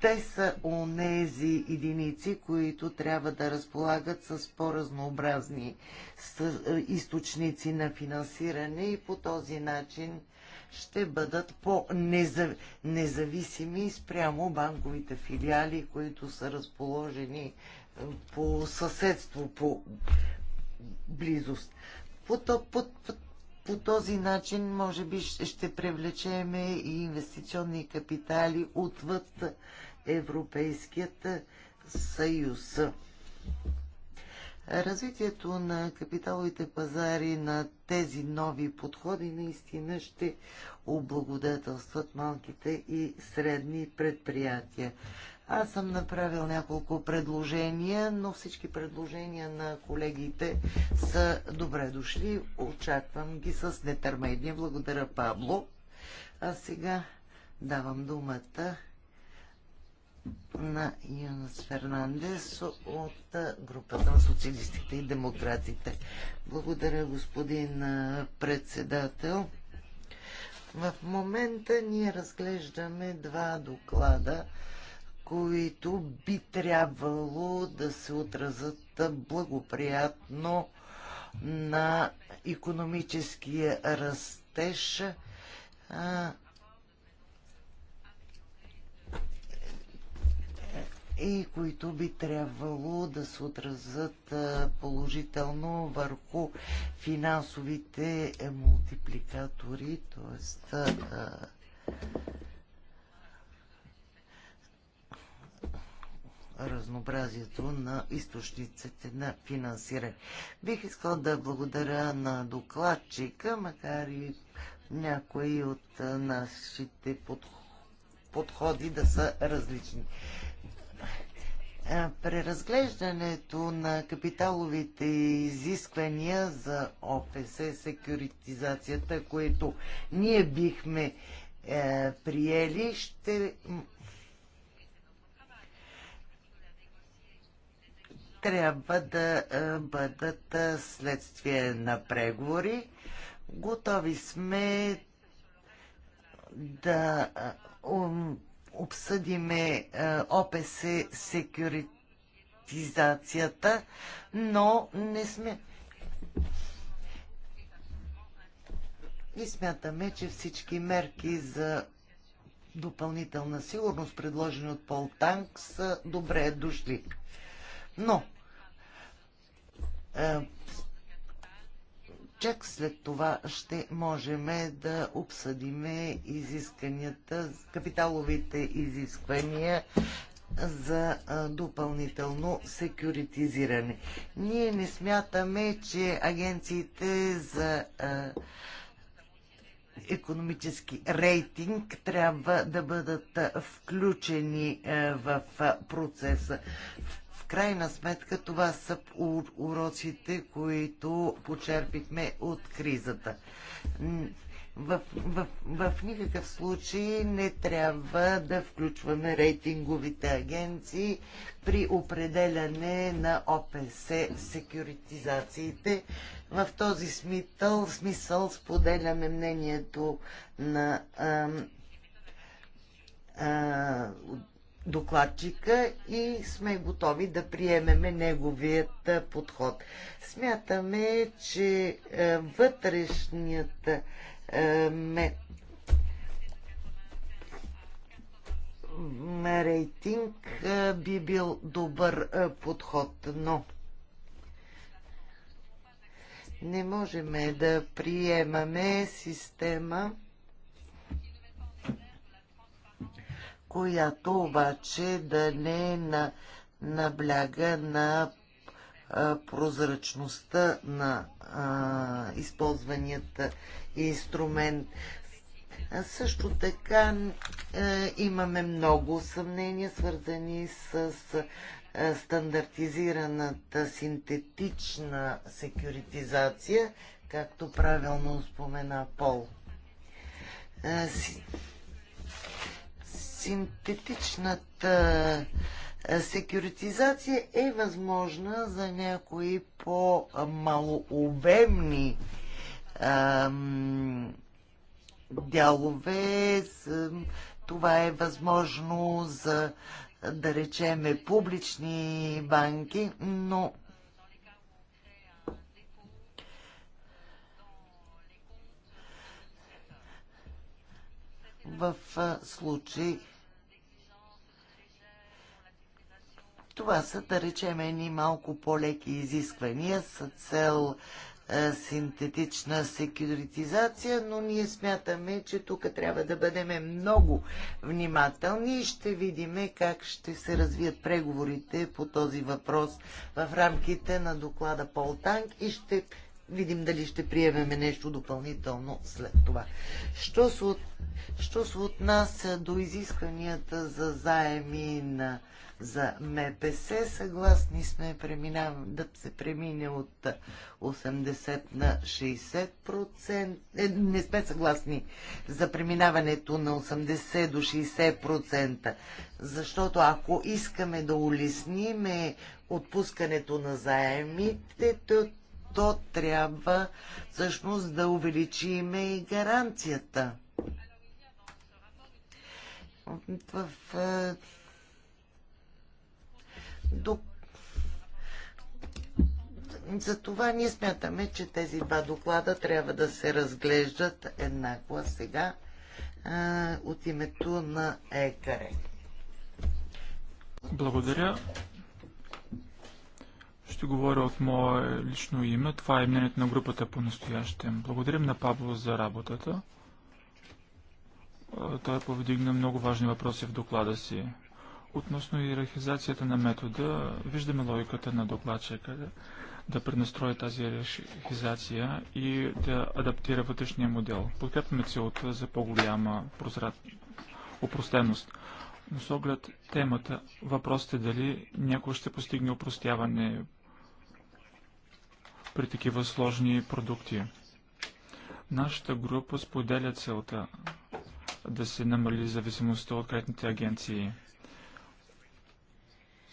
те са онези единици, които трябва да разполагат с по-разнообразни е, източници на финансиране и по този начин ще бъдат по-независими спрямо банковите филиали, които са разположени е, по съседство, по близост. По, по, по, по този начин, може би, ще привлечеме и инвестиционни капитали отвъд Европейският съюз. Развитието на капиталовите пазари на тези нови подходи наистина ще облагодетелстват малките и средни предприятия. Аз съм направил няколко предложения, но всички предложения на колегите са добре дошли. Очаквам ги с нетърмедния. Благодаря, Пабло. А сега давам думата на Юнас Фернандес от групата на социалистите и демократите. Благодаря, господин председател. В момента ние разглеждаме два доклада, които би трябвало да се отразят благоприятно на економическия растеж и които би трябвало да се отразят положително върху финансовите е, мултипликатори, т.е. разнообразието на източниците на финансиране. Бих искал да благодаря на докладчика, макар и някои от нашите подходи да са различни. Преразглеждането на капиталовите изисквания за ОПС, секюритизацията, които ние бихме е, приели, ще трябва да е, бъдат е, следствие на преговори. Готови сме да е, обсъдиме е, ОПС секюритизацията, но не сме. И смятаме, че всички мерки за допълнителна сигурност, предложени от Пол Танк, са добре дошли. Но е, чак след това ще можем да обсъдим изисканията, капиталовите изисквания за допълнително секюритизиране. Ние не смятаме, че агенциите за економически рейтинг трябва да бъдат включени в процеса. В крайна сметка това са уроците, които почерпихме от кризата. В, в, в никакъв случай не трябва да включваме рейтинговите агенции при определяне на ОПС секюритизациите. В този смисъл, смисъл споделяме мнението на а, а, докладчика и сме готови да приемеме неговият подход. Смятаме, че вътрешният рейтинг би бил добър подход, но не можем да приемаме система, която обаче да не на, набляга на а, прозрачността на а, инструмент. А също така е, имаме много съмнения, свързани с, е, стандартизираната синтетична секюритизация, както правилно спомена Пол. Е, си, синтетичната секюритизация е възможна за някои по-малообемни дялове. Това е възможно за, да речеме, публични банки, но в случай това са, да речем, едни малко по-леки изисквания с цел синтетична секюритизация, но ние смятаме, че тук трябва да бъдем много внимателни и ще видим как ще се развият преговорите по този въпрос в рамките на доклада Полтанг и ще видим дали ще приемеме нещо допълнително след това. Що се, от, що се отнася до изискванията за заеми на, за МПС, съгласни сме преминав, да се премине от 80 на 60%. Е, не сме съгласни за преминаването на 80 до 60%, защото ако искаме да улесниме отпускането на заемите, то трябва всъщност да увеличиме и гаранцията. В, в, е, до, за това ние смятаме, че тези два доклада трябва да се разглеждат еднакво сега а, е, от името на ЕКАРЕ. Благодаря. Ще говоря от мое лично име. Това е мнението на групата по настоящем. Благодарим на Павло за работата. Той повдигна много важни въпроси в доклада си. Относно иерархизацията на метода, виждаме логиката на докладчика да, да тази иерархизация и да адаптира вътрешния модел. Подкрепяме целта за по-голяма прозрат... упростеност. Но с оглед темата, въпросът е дали някой ще постигне упростяване при такива сложни продукти. Нашата група споделя целта да се намали зависимостта от кредитните агенции.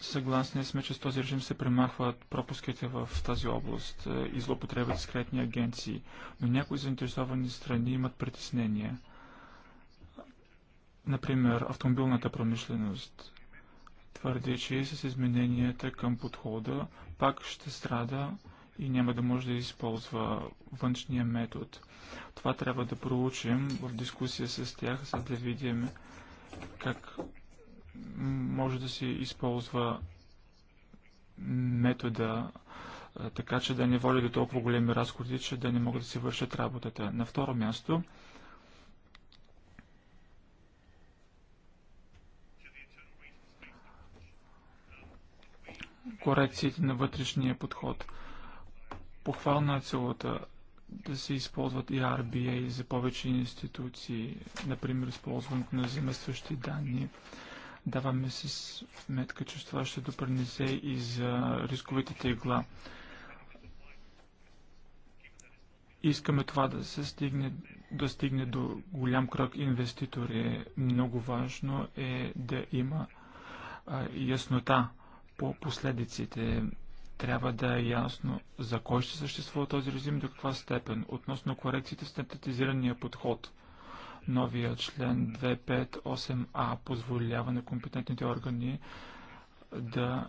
Съгласни сме, че с този режим се премахват пропуските в тази област е, и злоупотребят с кредитни агенции, но някои заинтересовани страни имат притеснения. Например, автомобилната промишленост твърди, че с измененията към подхода пак ще страда и няма да може да използва външния метод. Това трябва да проучим в дискусия с тях, за да видим как може да се използва метода, така че да не води до толкова големи разходи, че да не могат да си вършат работата. На второ място, корекциите на вътрешния подход – Похвална е целата да се използват и RBA за повече институции, например използването на заместващи данни. Даваме си сметка, че това ще допринесе и за рисковите тегла. Искаме това да се стигне, да стигне до голям кръг инвеститори. Много важно е да има а, яснота по последиците трябва да е ясно за кой ще съществува този режим, до каква степен. Относно корекциите в стандартизирания подход, новия член 258а позволява на компетентните органи да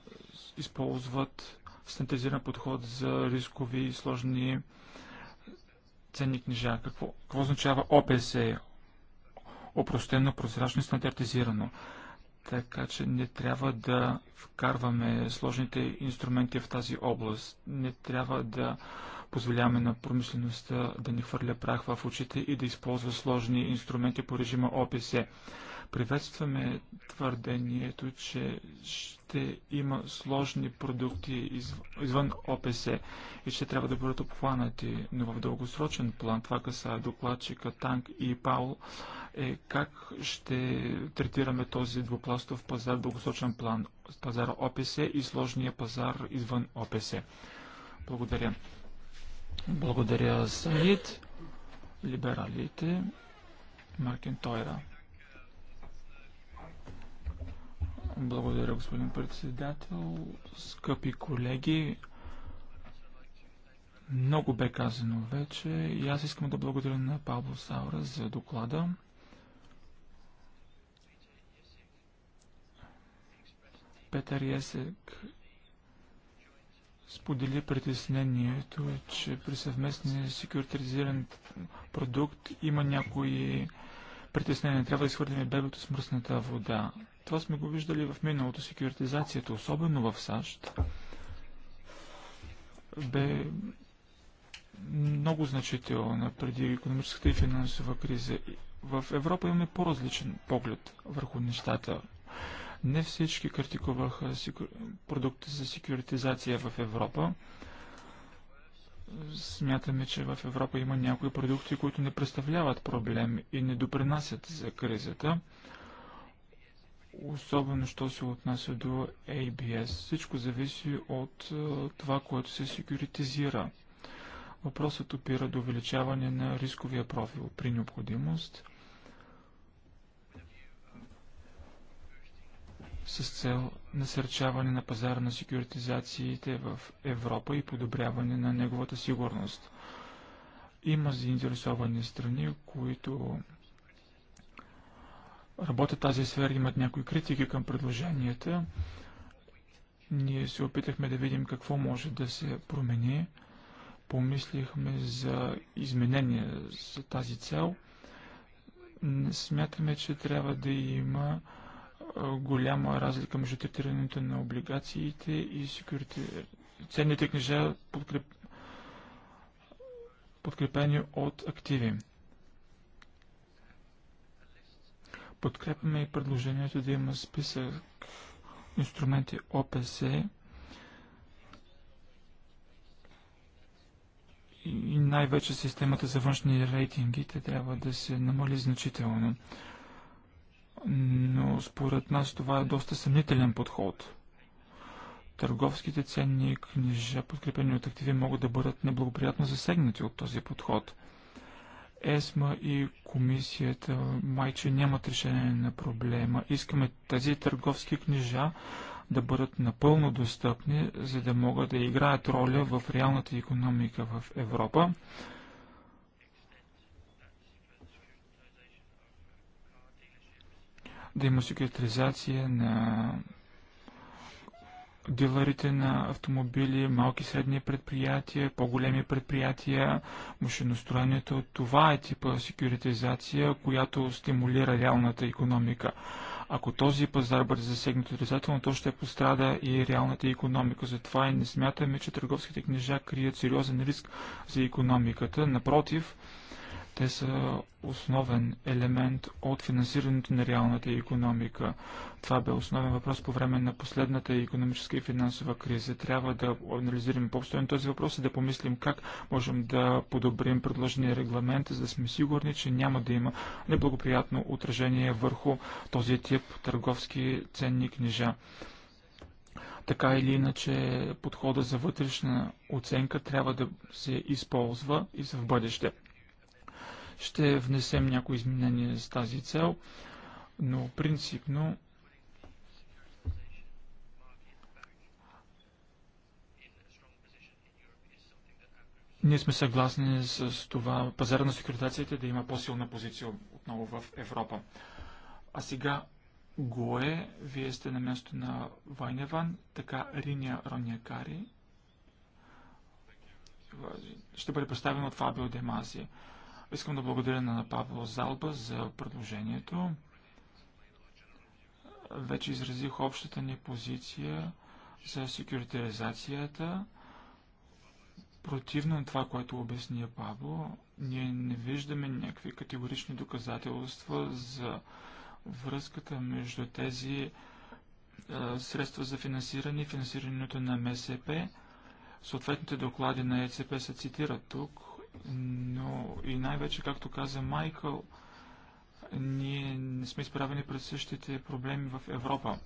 използват стандартизиран подход за рискови и сложни ценни книжа. Какво, какво означава ОПС? Опростено, прозрачно и стандартизирано. Така че не трябва да вкарваме сложните инструменти в тази област. Не трябва да позволяваме на промишлеността да ни хвърля прах в очите и да използва сложни инструменти по режима ОПС. Приветстваме твърдението, че ще има сложни продукти извън ОПС и ще трябва да бъдат обхванати, но в дългосрочен план, това каса докладчика Танк и Паул, е как ще третираме този двупластов пазар в дългосрочен план, пазара ОПС и сложния пазар извън ОПС. Благодаря. Благодаря, Саид. Либералите. Маркин Тойра. Благодаря, господин председател. Скъпи колеги, много бе казано вече и аз искам да благодаря на Павло Саура за доклада. Петър Есек сподели притеснението, че при съвместния секюритаризиран продукт има някои притеснение. Трябва да изхвърлим бебето с мръсната вода. Това сме го виждали в миналото. Секюритизацията, особено в САЩ, бе много значителна преди економическата и финансова криза. В Европа имаме по-различен поглед върху нещата. Не всички критикуваха продукти за секюритизация в Европа. Смятаме, че в Европа има някои продукти, които не представляват проблем и не допринасят за кризата. Особено, що се отнася до ABS. Всичко зависи от е, това, което се секюритизира. Въпросът опира до увеличаване на рисковия профил при необходимост – с цел насърчаване на пазара на секюритизациите в Европа и подобряване на неговата сигурност. Има заинтересовани страни, които работят тази сфера, имат някои критики към предложенията. Ние се опитахме да видим какво може да се промени. Помислихме за изменения за тази цел. Смятаме, че трябва да има голяма разлика между третирането на облигациите и секюрити... ценните книжа, подкреп... подкрепени от активи. Подкрепяме и предложението да има списък инструменти ОПС и най-вече системата за външни рейтинги. Те трябва да се намали значително но според нас това е доста съмнителен подход. Търговските ценни книжа, подкрепени от активи, могат да бъдат неблагоприятно засегнати от този подход. ЕСМА и комисията майче нямат решение на проблема. Искаме тези търговски книжа да бъдат напълно достъпни, за да могат да играят роля в реалната економика в Европа да има секретаризация на дилърите на автомобили, малки и средни предприятия, по-големи предприятия, машиностроенето. Това е типа секюритизация, която стимулира реалната економика. Ако този пазар бъде засегнат отрицателно, то ще пострада и реалната економика. Затова и не смятаме, че търговските книжа крият сериозен риск за економиката. Напротив, те са основен елемент от финансирането на реалната економика. Това бе основен въпрос по време на последната економическа и финансова криза. Трябва да анализираме по-обстойно този въпрос и да помислим как можем да подобрим предложения регламент, за да сме сигурни, че няма да има неблагоприятно отражение върху този тип търговски ценни книжа. Така или иначе, подхода за вътрешна оценка трябва да се използва и за в бъдеще. Ще внесем някои изменения с тази цел, но принципно Ние сме съгласни с това пазара на секретациите да има по-силна позиция отново в Европа. А сега Гое, вие сте на място на Вайневан, така Риния Ронякари ще бъде представен от Фабио Демазия. Искам да благодаря на Павло Залба за предложението. Вече изразих общата ни позиция за секюритаризацията. Противно на е това, което обясни Павло, ние не виждаме някакви категорични доказателства за връзката между тези е, средства за финансиране и финансирането на МСП. Съответните доклади на ЕЦП се цитират тук но и най-вече, както каза Майкъл, ние не сме изправени пред същите проблеми в Европа.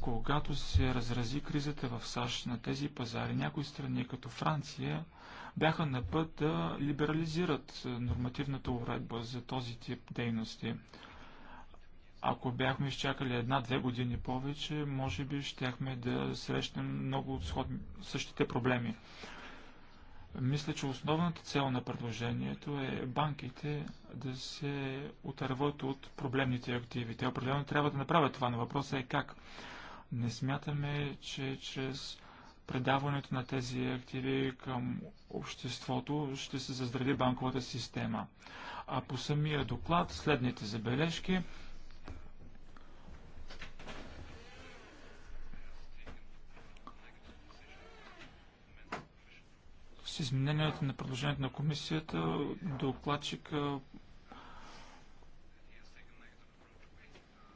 Когато се разрази кризата в САЩ на тези пазари, някои страни, като Франция, бяха на път да либерализират нормативната уредба за този тип дейности. Ако бяхме изчакали една-две години повече, може би щяхме да срещнем много сходни, същите проблеми. Мисля, че основната цел на предложението е банките да се отърват от проблемните активи. Те определено трябва да направят това, но въпросът е как. Не смятаме, че чрез предаването на тези активи към обществото ще се заздрави банковата система. А по самия доклад следните забележки – С изменението на предложението на комисията, докладчик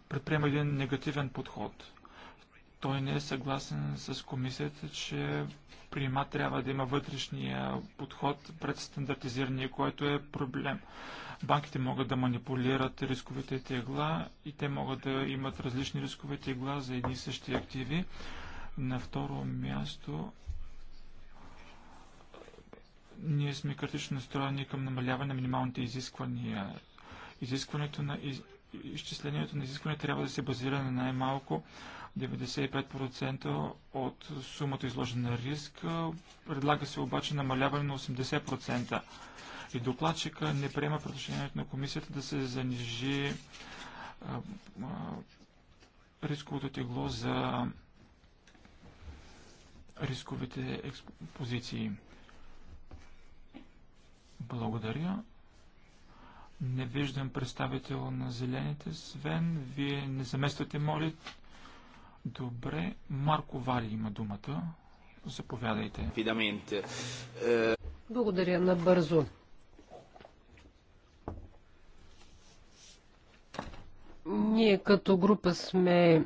предприема един негативен подход. Той не е съгласен с комисията, че приема трябва да има вътрешния подход пред стандартизирания, което е проблем. Банките могат да манипулират рисковите тегла и те могат да имат различни рискове тегла за едни и същи активи. На второ място ние сме критично настроени към намаляване на минималните изисквания. Изискването на из... Изчислението на изискване трябва да се базира на най-малко 95% от сумата изложена на риск. Предлага се обаче намаляване на 80%. И докладчика не приема предложението на комисията да се занижи рисковото тегло за рисковите експозиции. Благодаря. Не виждам представител на зелените. Свен, вие не замествате, молит. Добре. Марко Вали има думата. Заповядайте. Благодаря набързо. Ние като група сме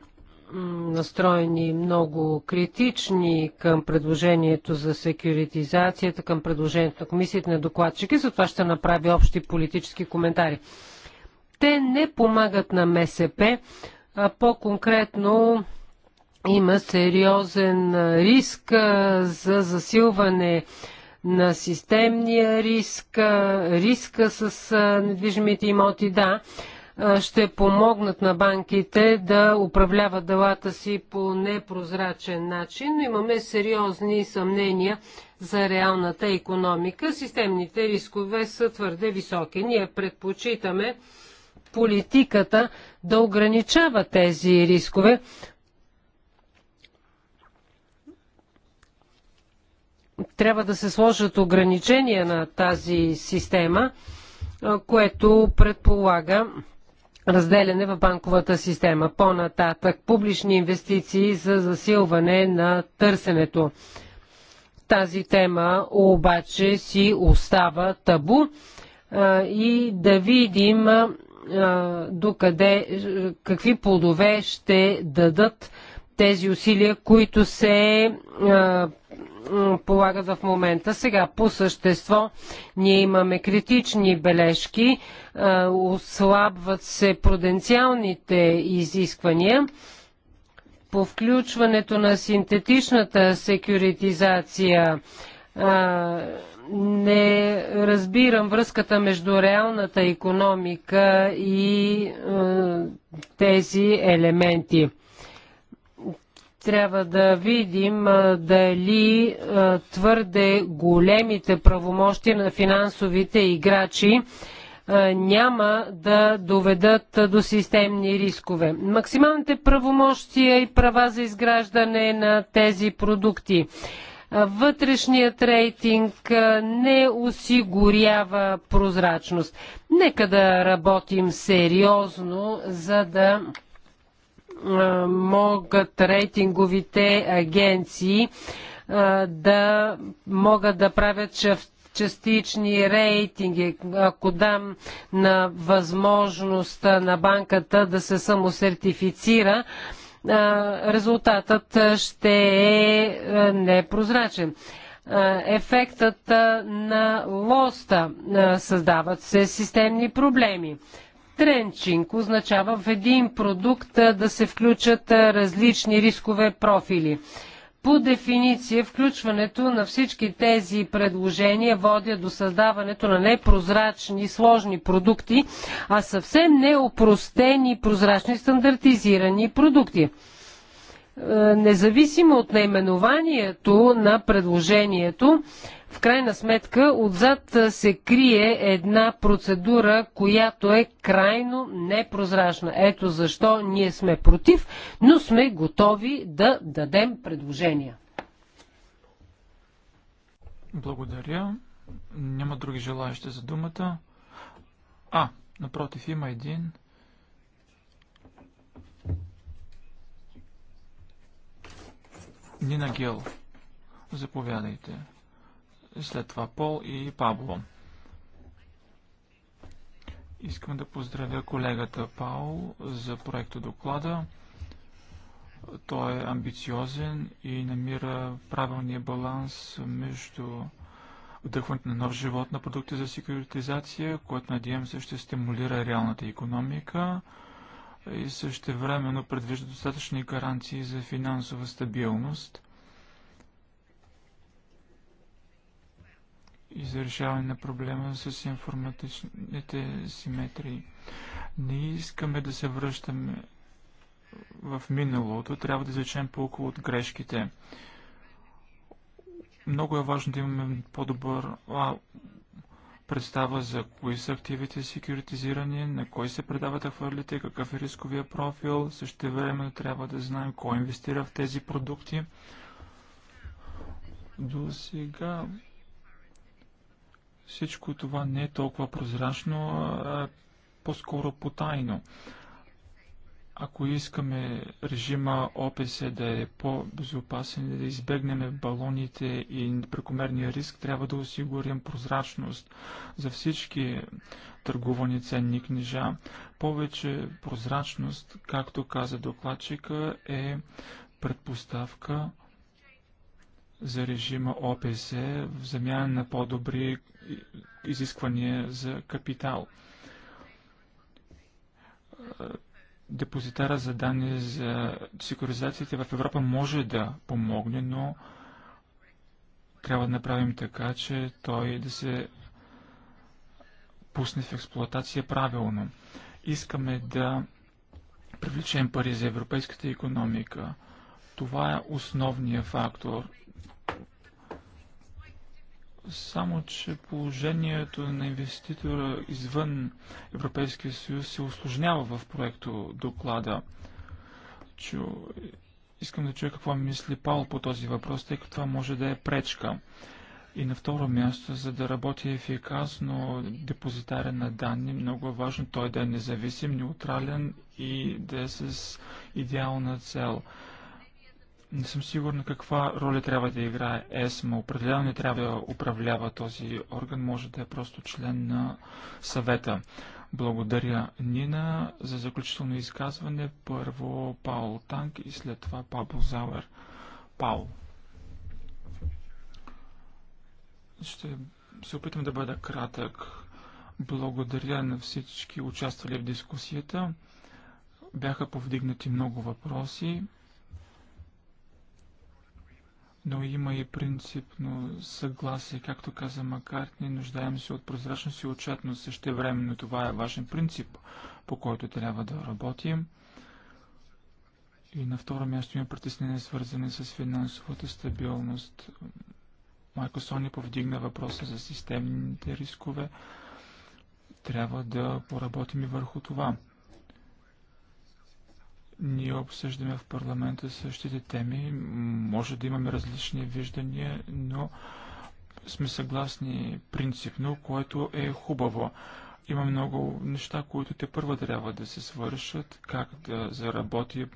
настроени много критични към предложението за секюритизацията, към предложението на комисията на докладчики, затова ще направи общи политически коментари. Те не помагат на МСП, а по-конкретно има сериозен риск за засилване на системния риск, риска с недвижимите имоти, да ще помогнат на банките да управляват делата си по непрозрачен начин, но имаме сериозни съмнения за реалната економика. Системните рискове са твърде високи. Ние предпочитаме политиката да ограничава тези рискове. Трябва да се сложат ограничения на тази система, което предполага разделяне в банковата система. По-нататък публични инвестиции за засилване на търсенето. Тази тема обаче си остава табу и да видим докъде, какви плодове ще дадат тези усилия, които се полагат в момента. Сега по същество ние имаме критични бележки, ослабват се пруденциалните изисквания. По включването на синтетичната секюритизация не разбирам връзката между реалната економика и тези елементи трябва да видим дали твърде големите правомощи на финансовите играчи няма да доведат до системни рискове. Максималните правомощия и права за изграждане на тези продукти. Вътрешният рейтинг не осигурява прозрачност. Нека да работим сериозно, за да могат рейтинговите агенции да могат да правят частични рейтинги. Ако дам на възможността на банката да се самосертифицира, резултатът ще е непрозрачен. Ефектът на лоста създават се системни проблеми. Тренчинг означава в един продукт да се включат различни рискове профили. По дефиниция, включването на всички тези предложения водя до създаването на непрозрачни, сложни продукти, а съвсем неопростени, прозрачни, стандартизирани продукти. Е, независимо от наименованието на предложението, в крайна сметка отзад се крие една процедура, която е крайно непрозрачна. Ето защо ние сме против, но сме готови да дадем предложения. Благодаря. Няма други желаящи за думата. А, напротив, има един. Нина Гел. Заповядайте. И след това Пол и Пабло. Искам да поздравя колегата Пао за проекта доклада. Той е амбициозен и намира правилния баланс между вдъхването на нов живот на продукти за секюритизация, което надявам се ще стимулира реалната економика и също времено предвижда достатъчни гаранции за финансова стабилност и за решаване на проблема с информатичните симетрии. Не искаме да се връщаме в миналото, трябва да изречем по от грешките. Много е важно да имаме по-добър представа за кои са активите секюритизирани, на кой се предават хвърлите, какъв е рисковия профил. Също време трябва да знаем кой инвестира в тези продукти. До сега всичко това не е толкова прозрачно, а по-скоро потайно. Ако искаме режима ОПС да е по-безопасен, да избегнем балоните и прекомерния риск, трябва да осигурим прозрачност за всички търгувани ценни книжа. Повече прозрачност, както каза докладчика, е предпоставка за режима ОПЗ в замяна на по-добри изисквания за капитал. Депозитара за данни за секуризациите в Европа може да помогне, но трябва да направим така, че той да се пусне в експлуатация правилно. Искаме да привлечем пари за европейската економика. Това е основният фактор – само, че положението на инвеститора извън Европейския съюз се осложнява в проекто доклада. Чу... Искам да чуя какво мисли Павел по този въпрос, тъй като това може да е пречка. И на второ място, за да работи ефикасно депозитаря на данни, много е важно той да е независим, неутрален и да е с идеална цел – не съм сигурна каква роля трябва да играе ЕСМА. Определено не трябва да управлява този орган, може да е просто член на съвета. Благодаря Нина за заключително изказване. Първо Паул Танк и след това Пабло Зауер. Паул. Ще се опитам да бъда кратък. Благодаря на всички участвали в дискусията. Бяха повдигнати много въпроси но има и принципно съгласие, както каза Макарт, не нуждаем се от прозрачност и отчетност също време, но това е важен принцип, по който трябва да работим. И на второ място има притеснения, свързани с финансовата стабилност. Майко Сони повдигна въпроса за системните рискове. Трябва да поработим и върху това. Ние обсъждаме в парламента същите теми, може да имаме различни виждания, но сме съгласни принципно, което е хубаво. Има много неща, които те първа трябва да се свършат, как да заработи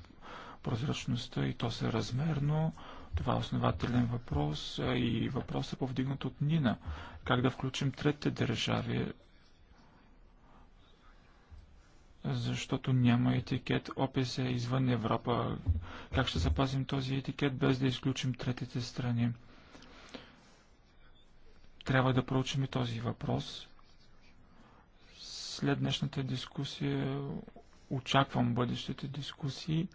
прозрачността и то се размерно. Това е основателен въпрос и въпросът е повдигнат от Нина. Как да включим трети държави защото няма етикет ОПС е извън Европа. Как ще запазим този етикет без да изключим третите страни? Трябва да проучим и този въпрос. След днешната дискусия очаквам бъдещите дискусии.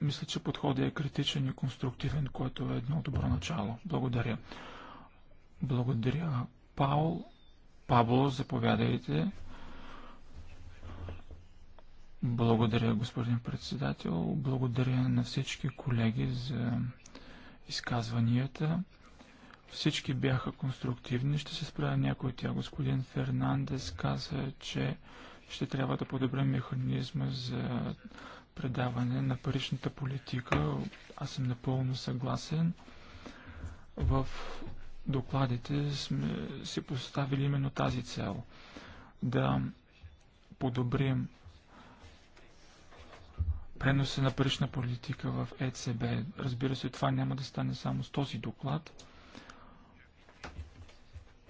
Мисля, че подходът е критичен и конструктивен, което е едно добро начало. Благодаря. Благодаря, Паул. Пабло, заповядайте. Благодаря, господин председател. Благодаря на всички колеги за изказванията. Всички бяха конструктивни. Ще се справя някой от тях. Господин Фернандес каза, че ще трябва да подобрим механизма за предаване на паричната политика. Аз съм напълно съгласен. В докладите сме си поставили именно тази цел да подобрим преноса на парична политика в ЕЦБ. Разбира се, това няма да стане само с този доклад,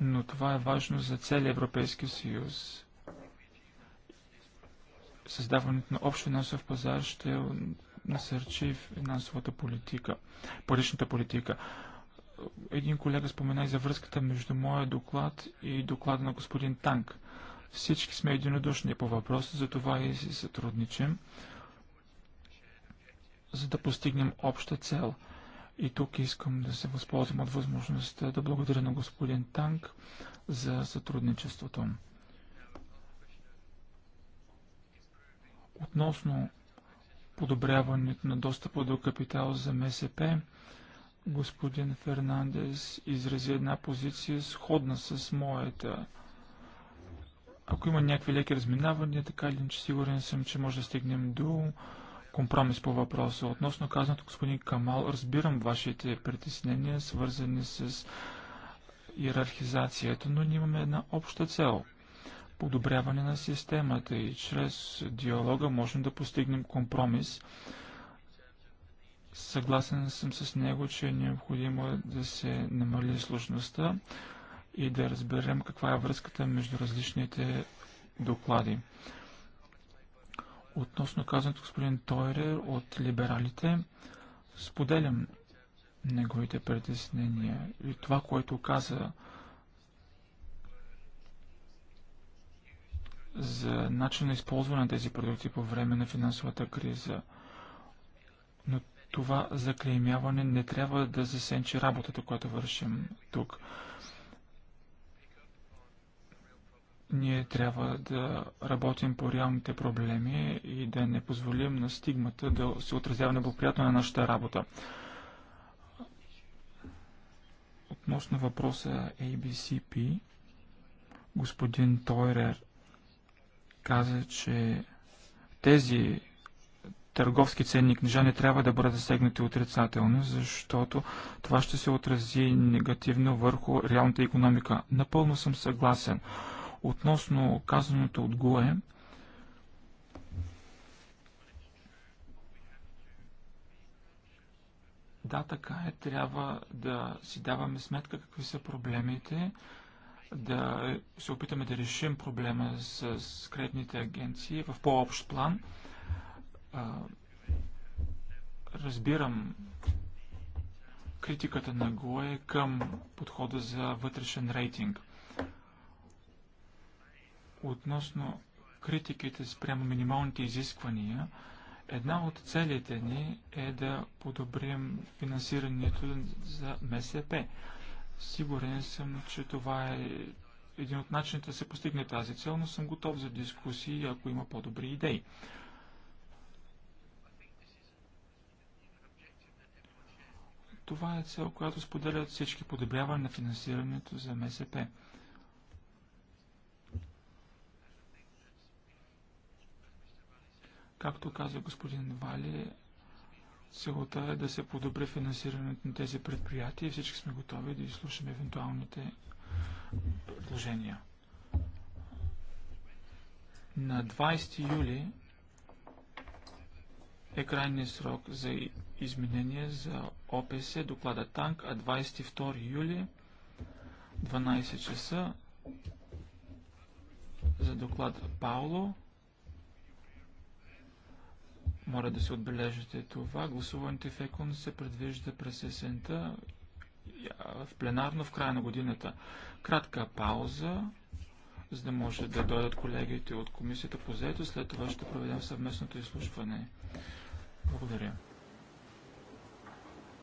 но това е важно за целия Европейски съюз. Създаването на общ финансов пазар ще насърчи финансовата политика, паричната политика един колега спомена и за връзката между моя доклад и доклада на господин Танк. Всички сме единодушни по въпроса, за това и си сътрудничим, за да постигнем обща цел. И тук искам да се възползвам от възможността да благодаря на господин Танк за сътрудничеството. Относно подобряването на достъпа до капитал за МСП, Господин Фернандес изрази една позиция сходна с моята. Ако има някакви леки разминавания, така или иначе сигурен съм, че може да стигнем до компромис по въпроса. Относно казаното господин Камал, разбирам вашите притеснения, свързани с иерархизацията, но ние имаме една обща цел – подобряване на системата и чрез диалога можем да постигнем компромис – Съгласен съм с него, че е необходимо да се намали сложността и да разберем каква е връзката между различните доклади. Относно казаното господин Тойрер от либералите, споделям неговите притеснения и това, което каза за начин на използване на тези продукти по време на финансовата криза. Но това заклеймяване не трябва да засенчи работата, която вършим тук. Ние трябва да работим по реалните проблеми и да не позволим на стигмата да се отразява неблагоприятно на нашата работа. Относно въпроса ABCP, господин Тойрер каза, че тези търговски ценни книжа не трябва да бъдат засегнати отрицателно, защото това ще се отрази негативно върху реалната економика. Напълно съм съгласен. Относно казаното от ГУЕ, Да, така е. Трябва да си даваме сметка какви са проблемите, да се опитаме да решим проблема с кредитните агенции в по-общ план – разбирам критиката на ГОЕ към подхода за вътрешен рейтинг. Относно критиките спрямо минималните изисквания, една от целите ни е да подобрим финансирането за МСП. Сигурен съм, че това е един от начините да се постигне тази цел, но съм готов за дискусии, ако има по-добри идеи. Това е цел, която споделят всички подобряване на финансирането за МСП. Както каза господин Вали, целта е да се подобри финансирането на тези предприятия и всички сме готови да изслушаме евентуалните предложения. На 20 юли е крайният срок за изменение за ОПС доклада ТАНК, а 22 юли 12 часа за доклада Пауло. Моля да се отбележите това. Гласуването в ЕКОН се предвижда през есента в пленарно в края на годината. Кратка пауза, за да може да дойдат колегите от комисията по заето. След това ще проведем съвместното изслушване. Благодаря.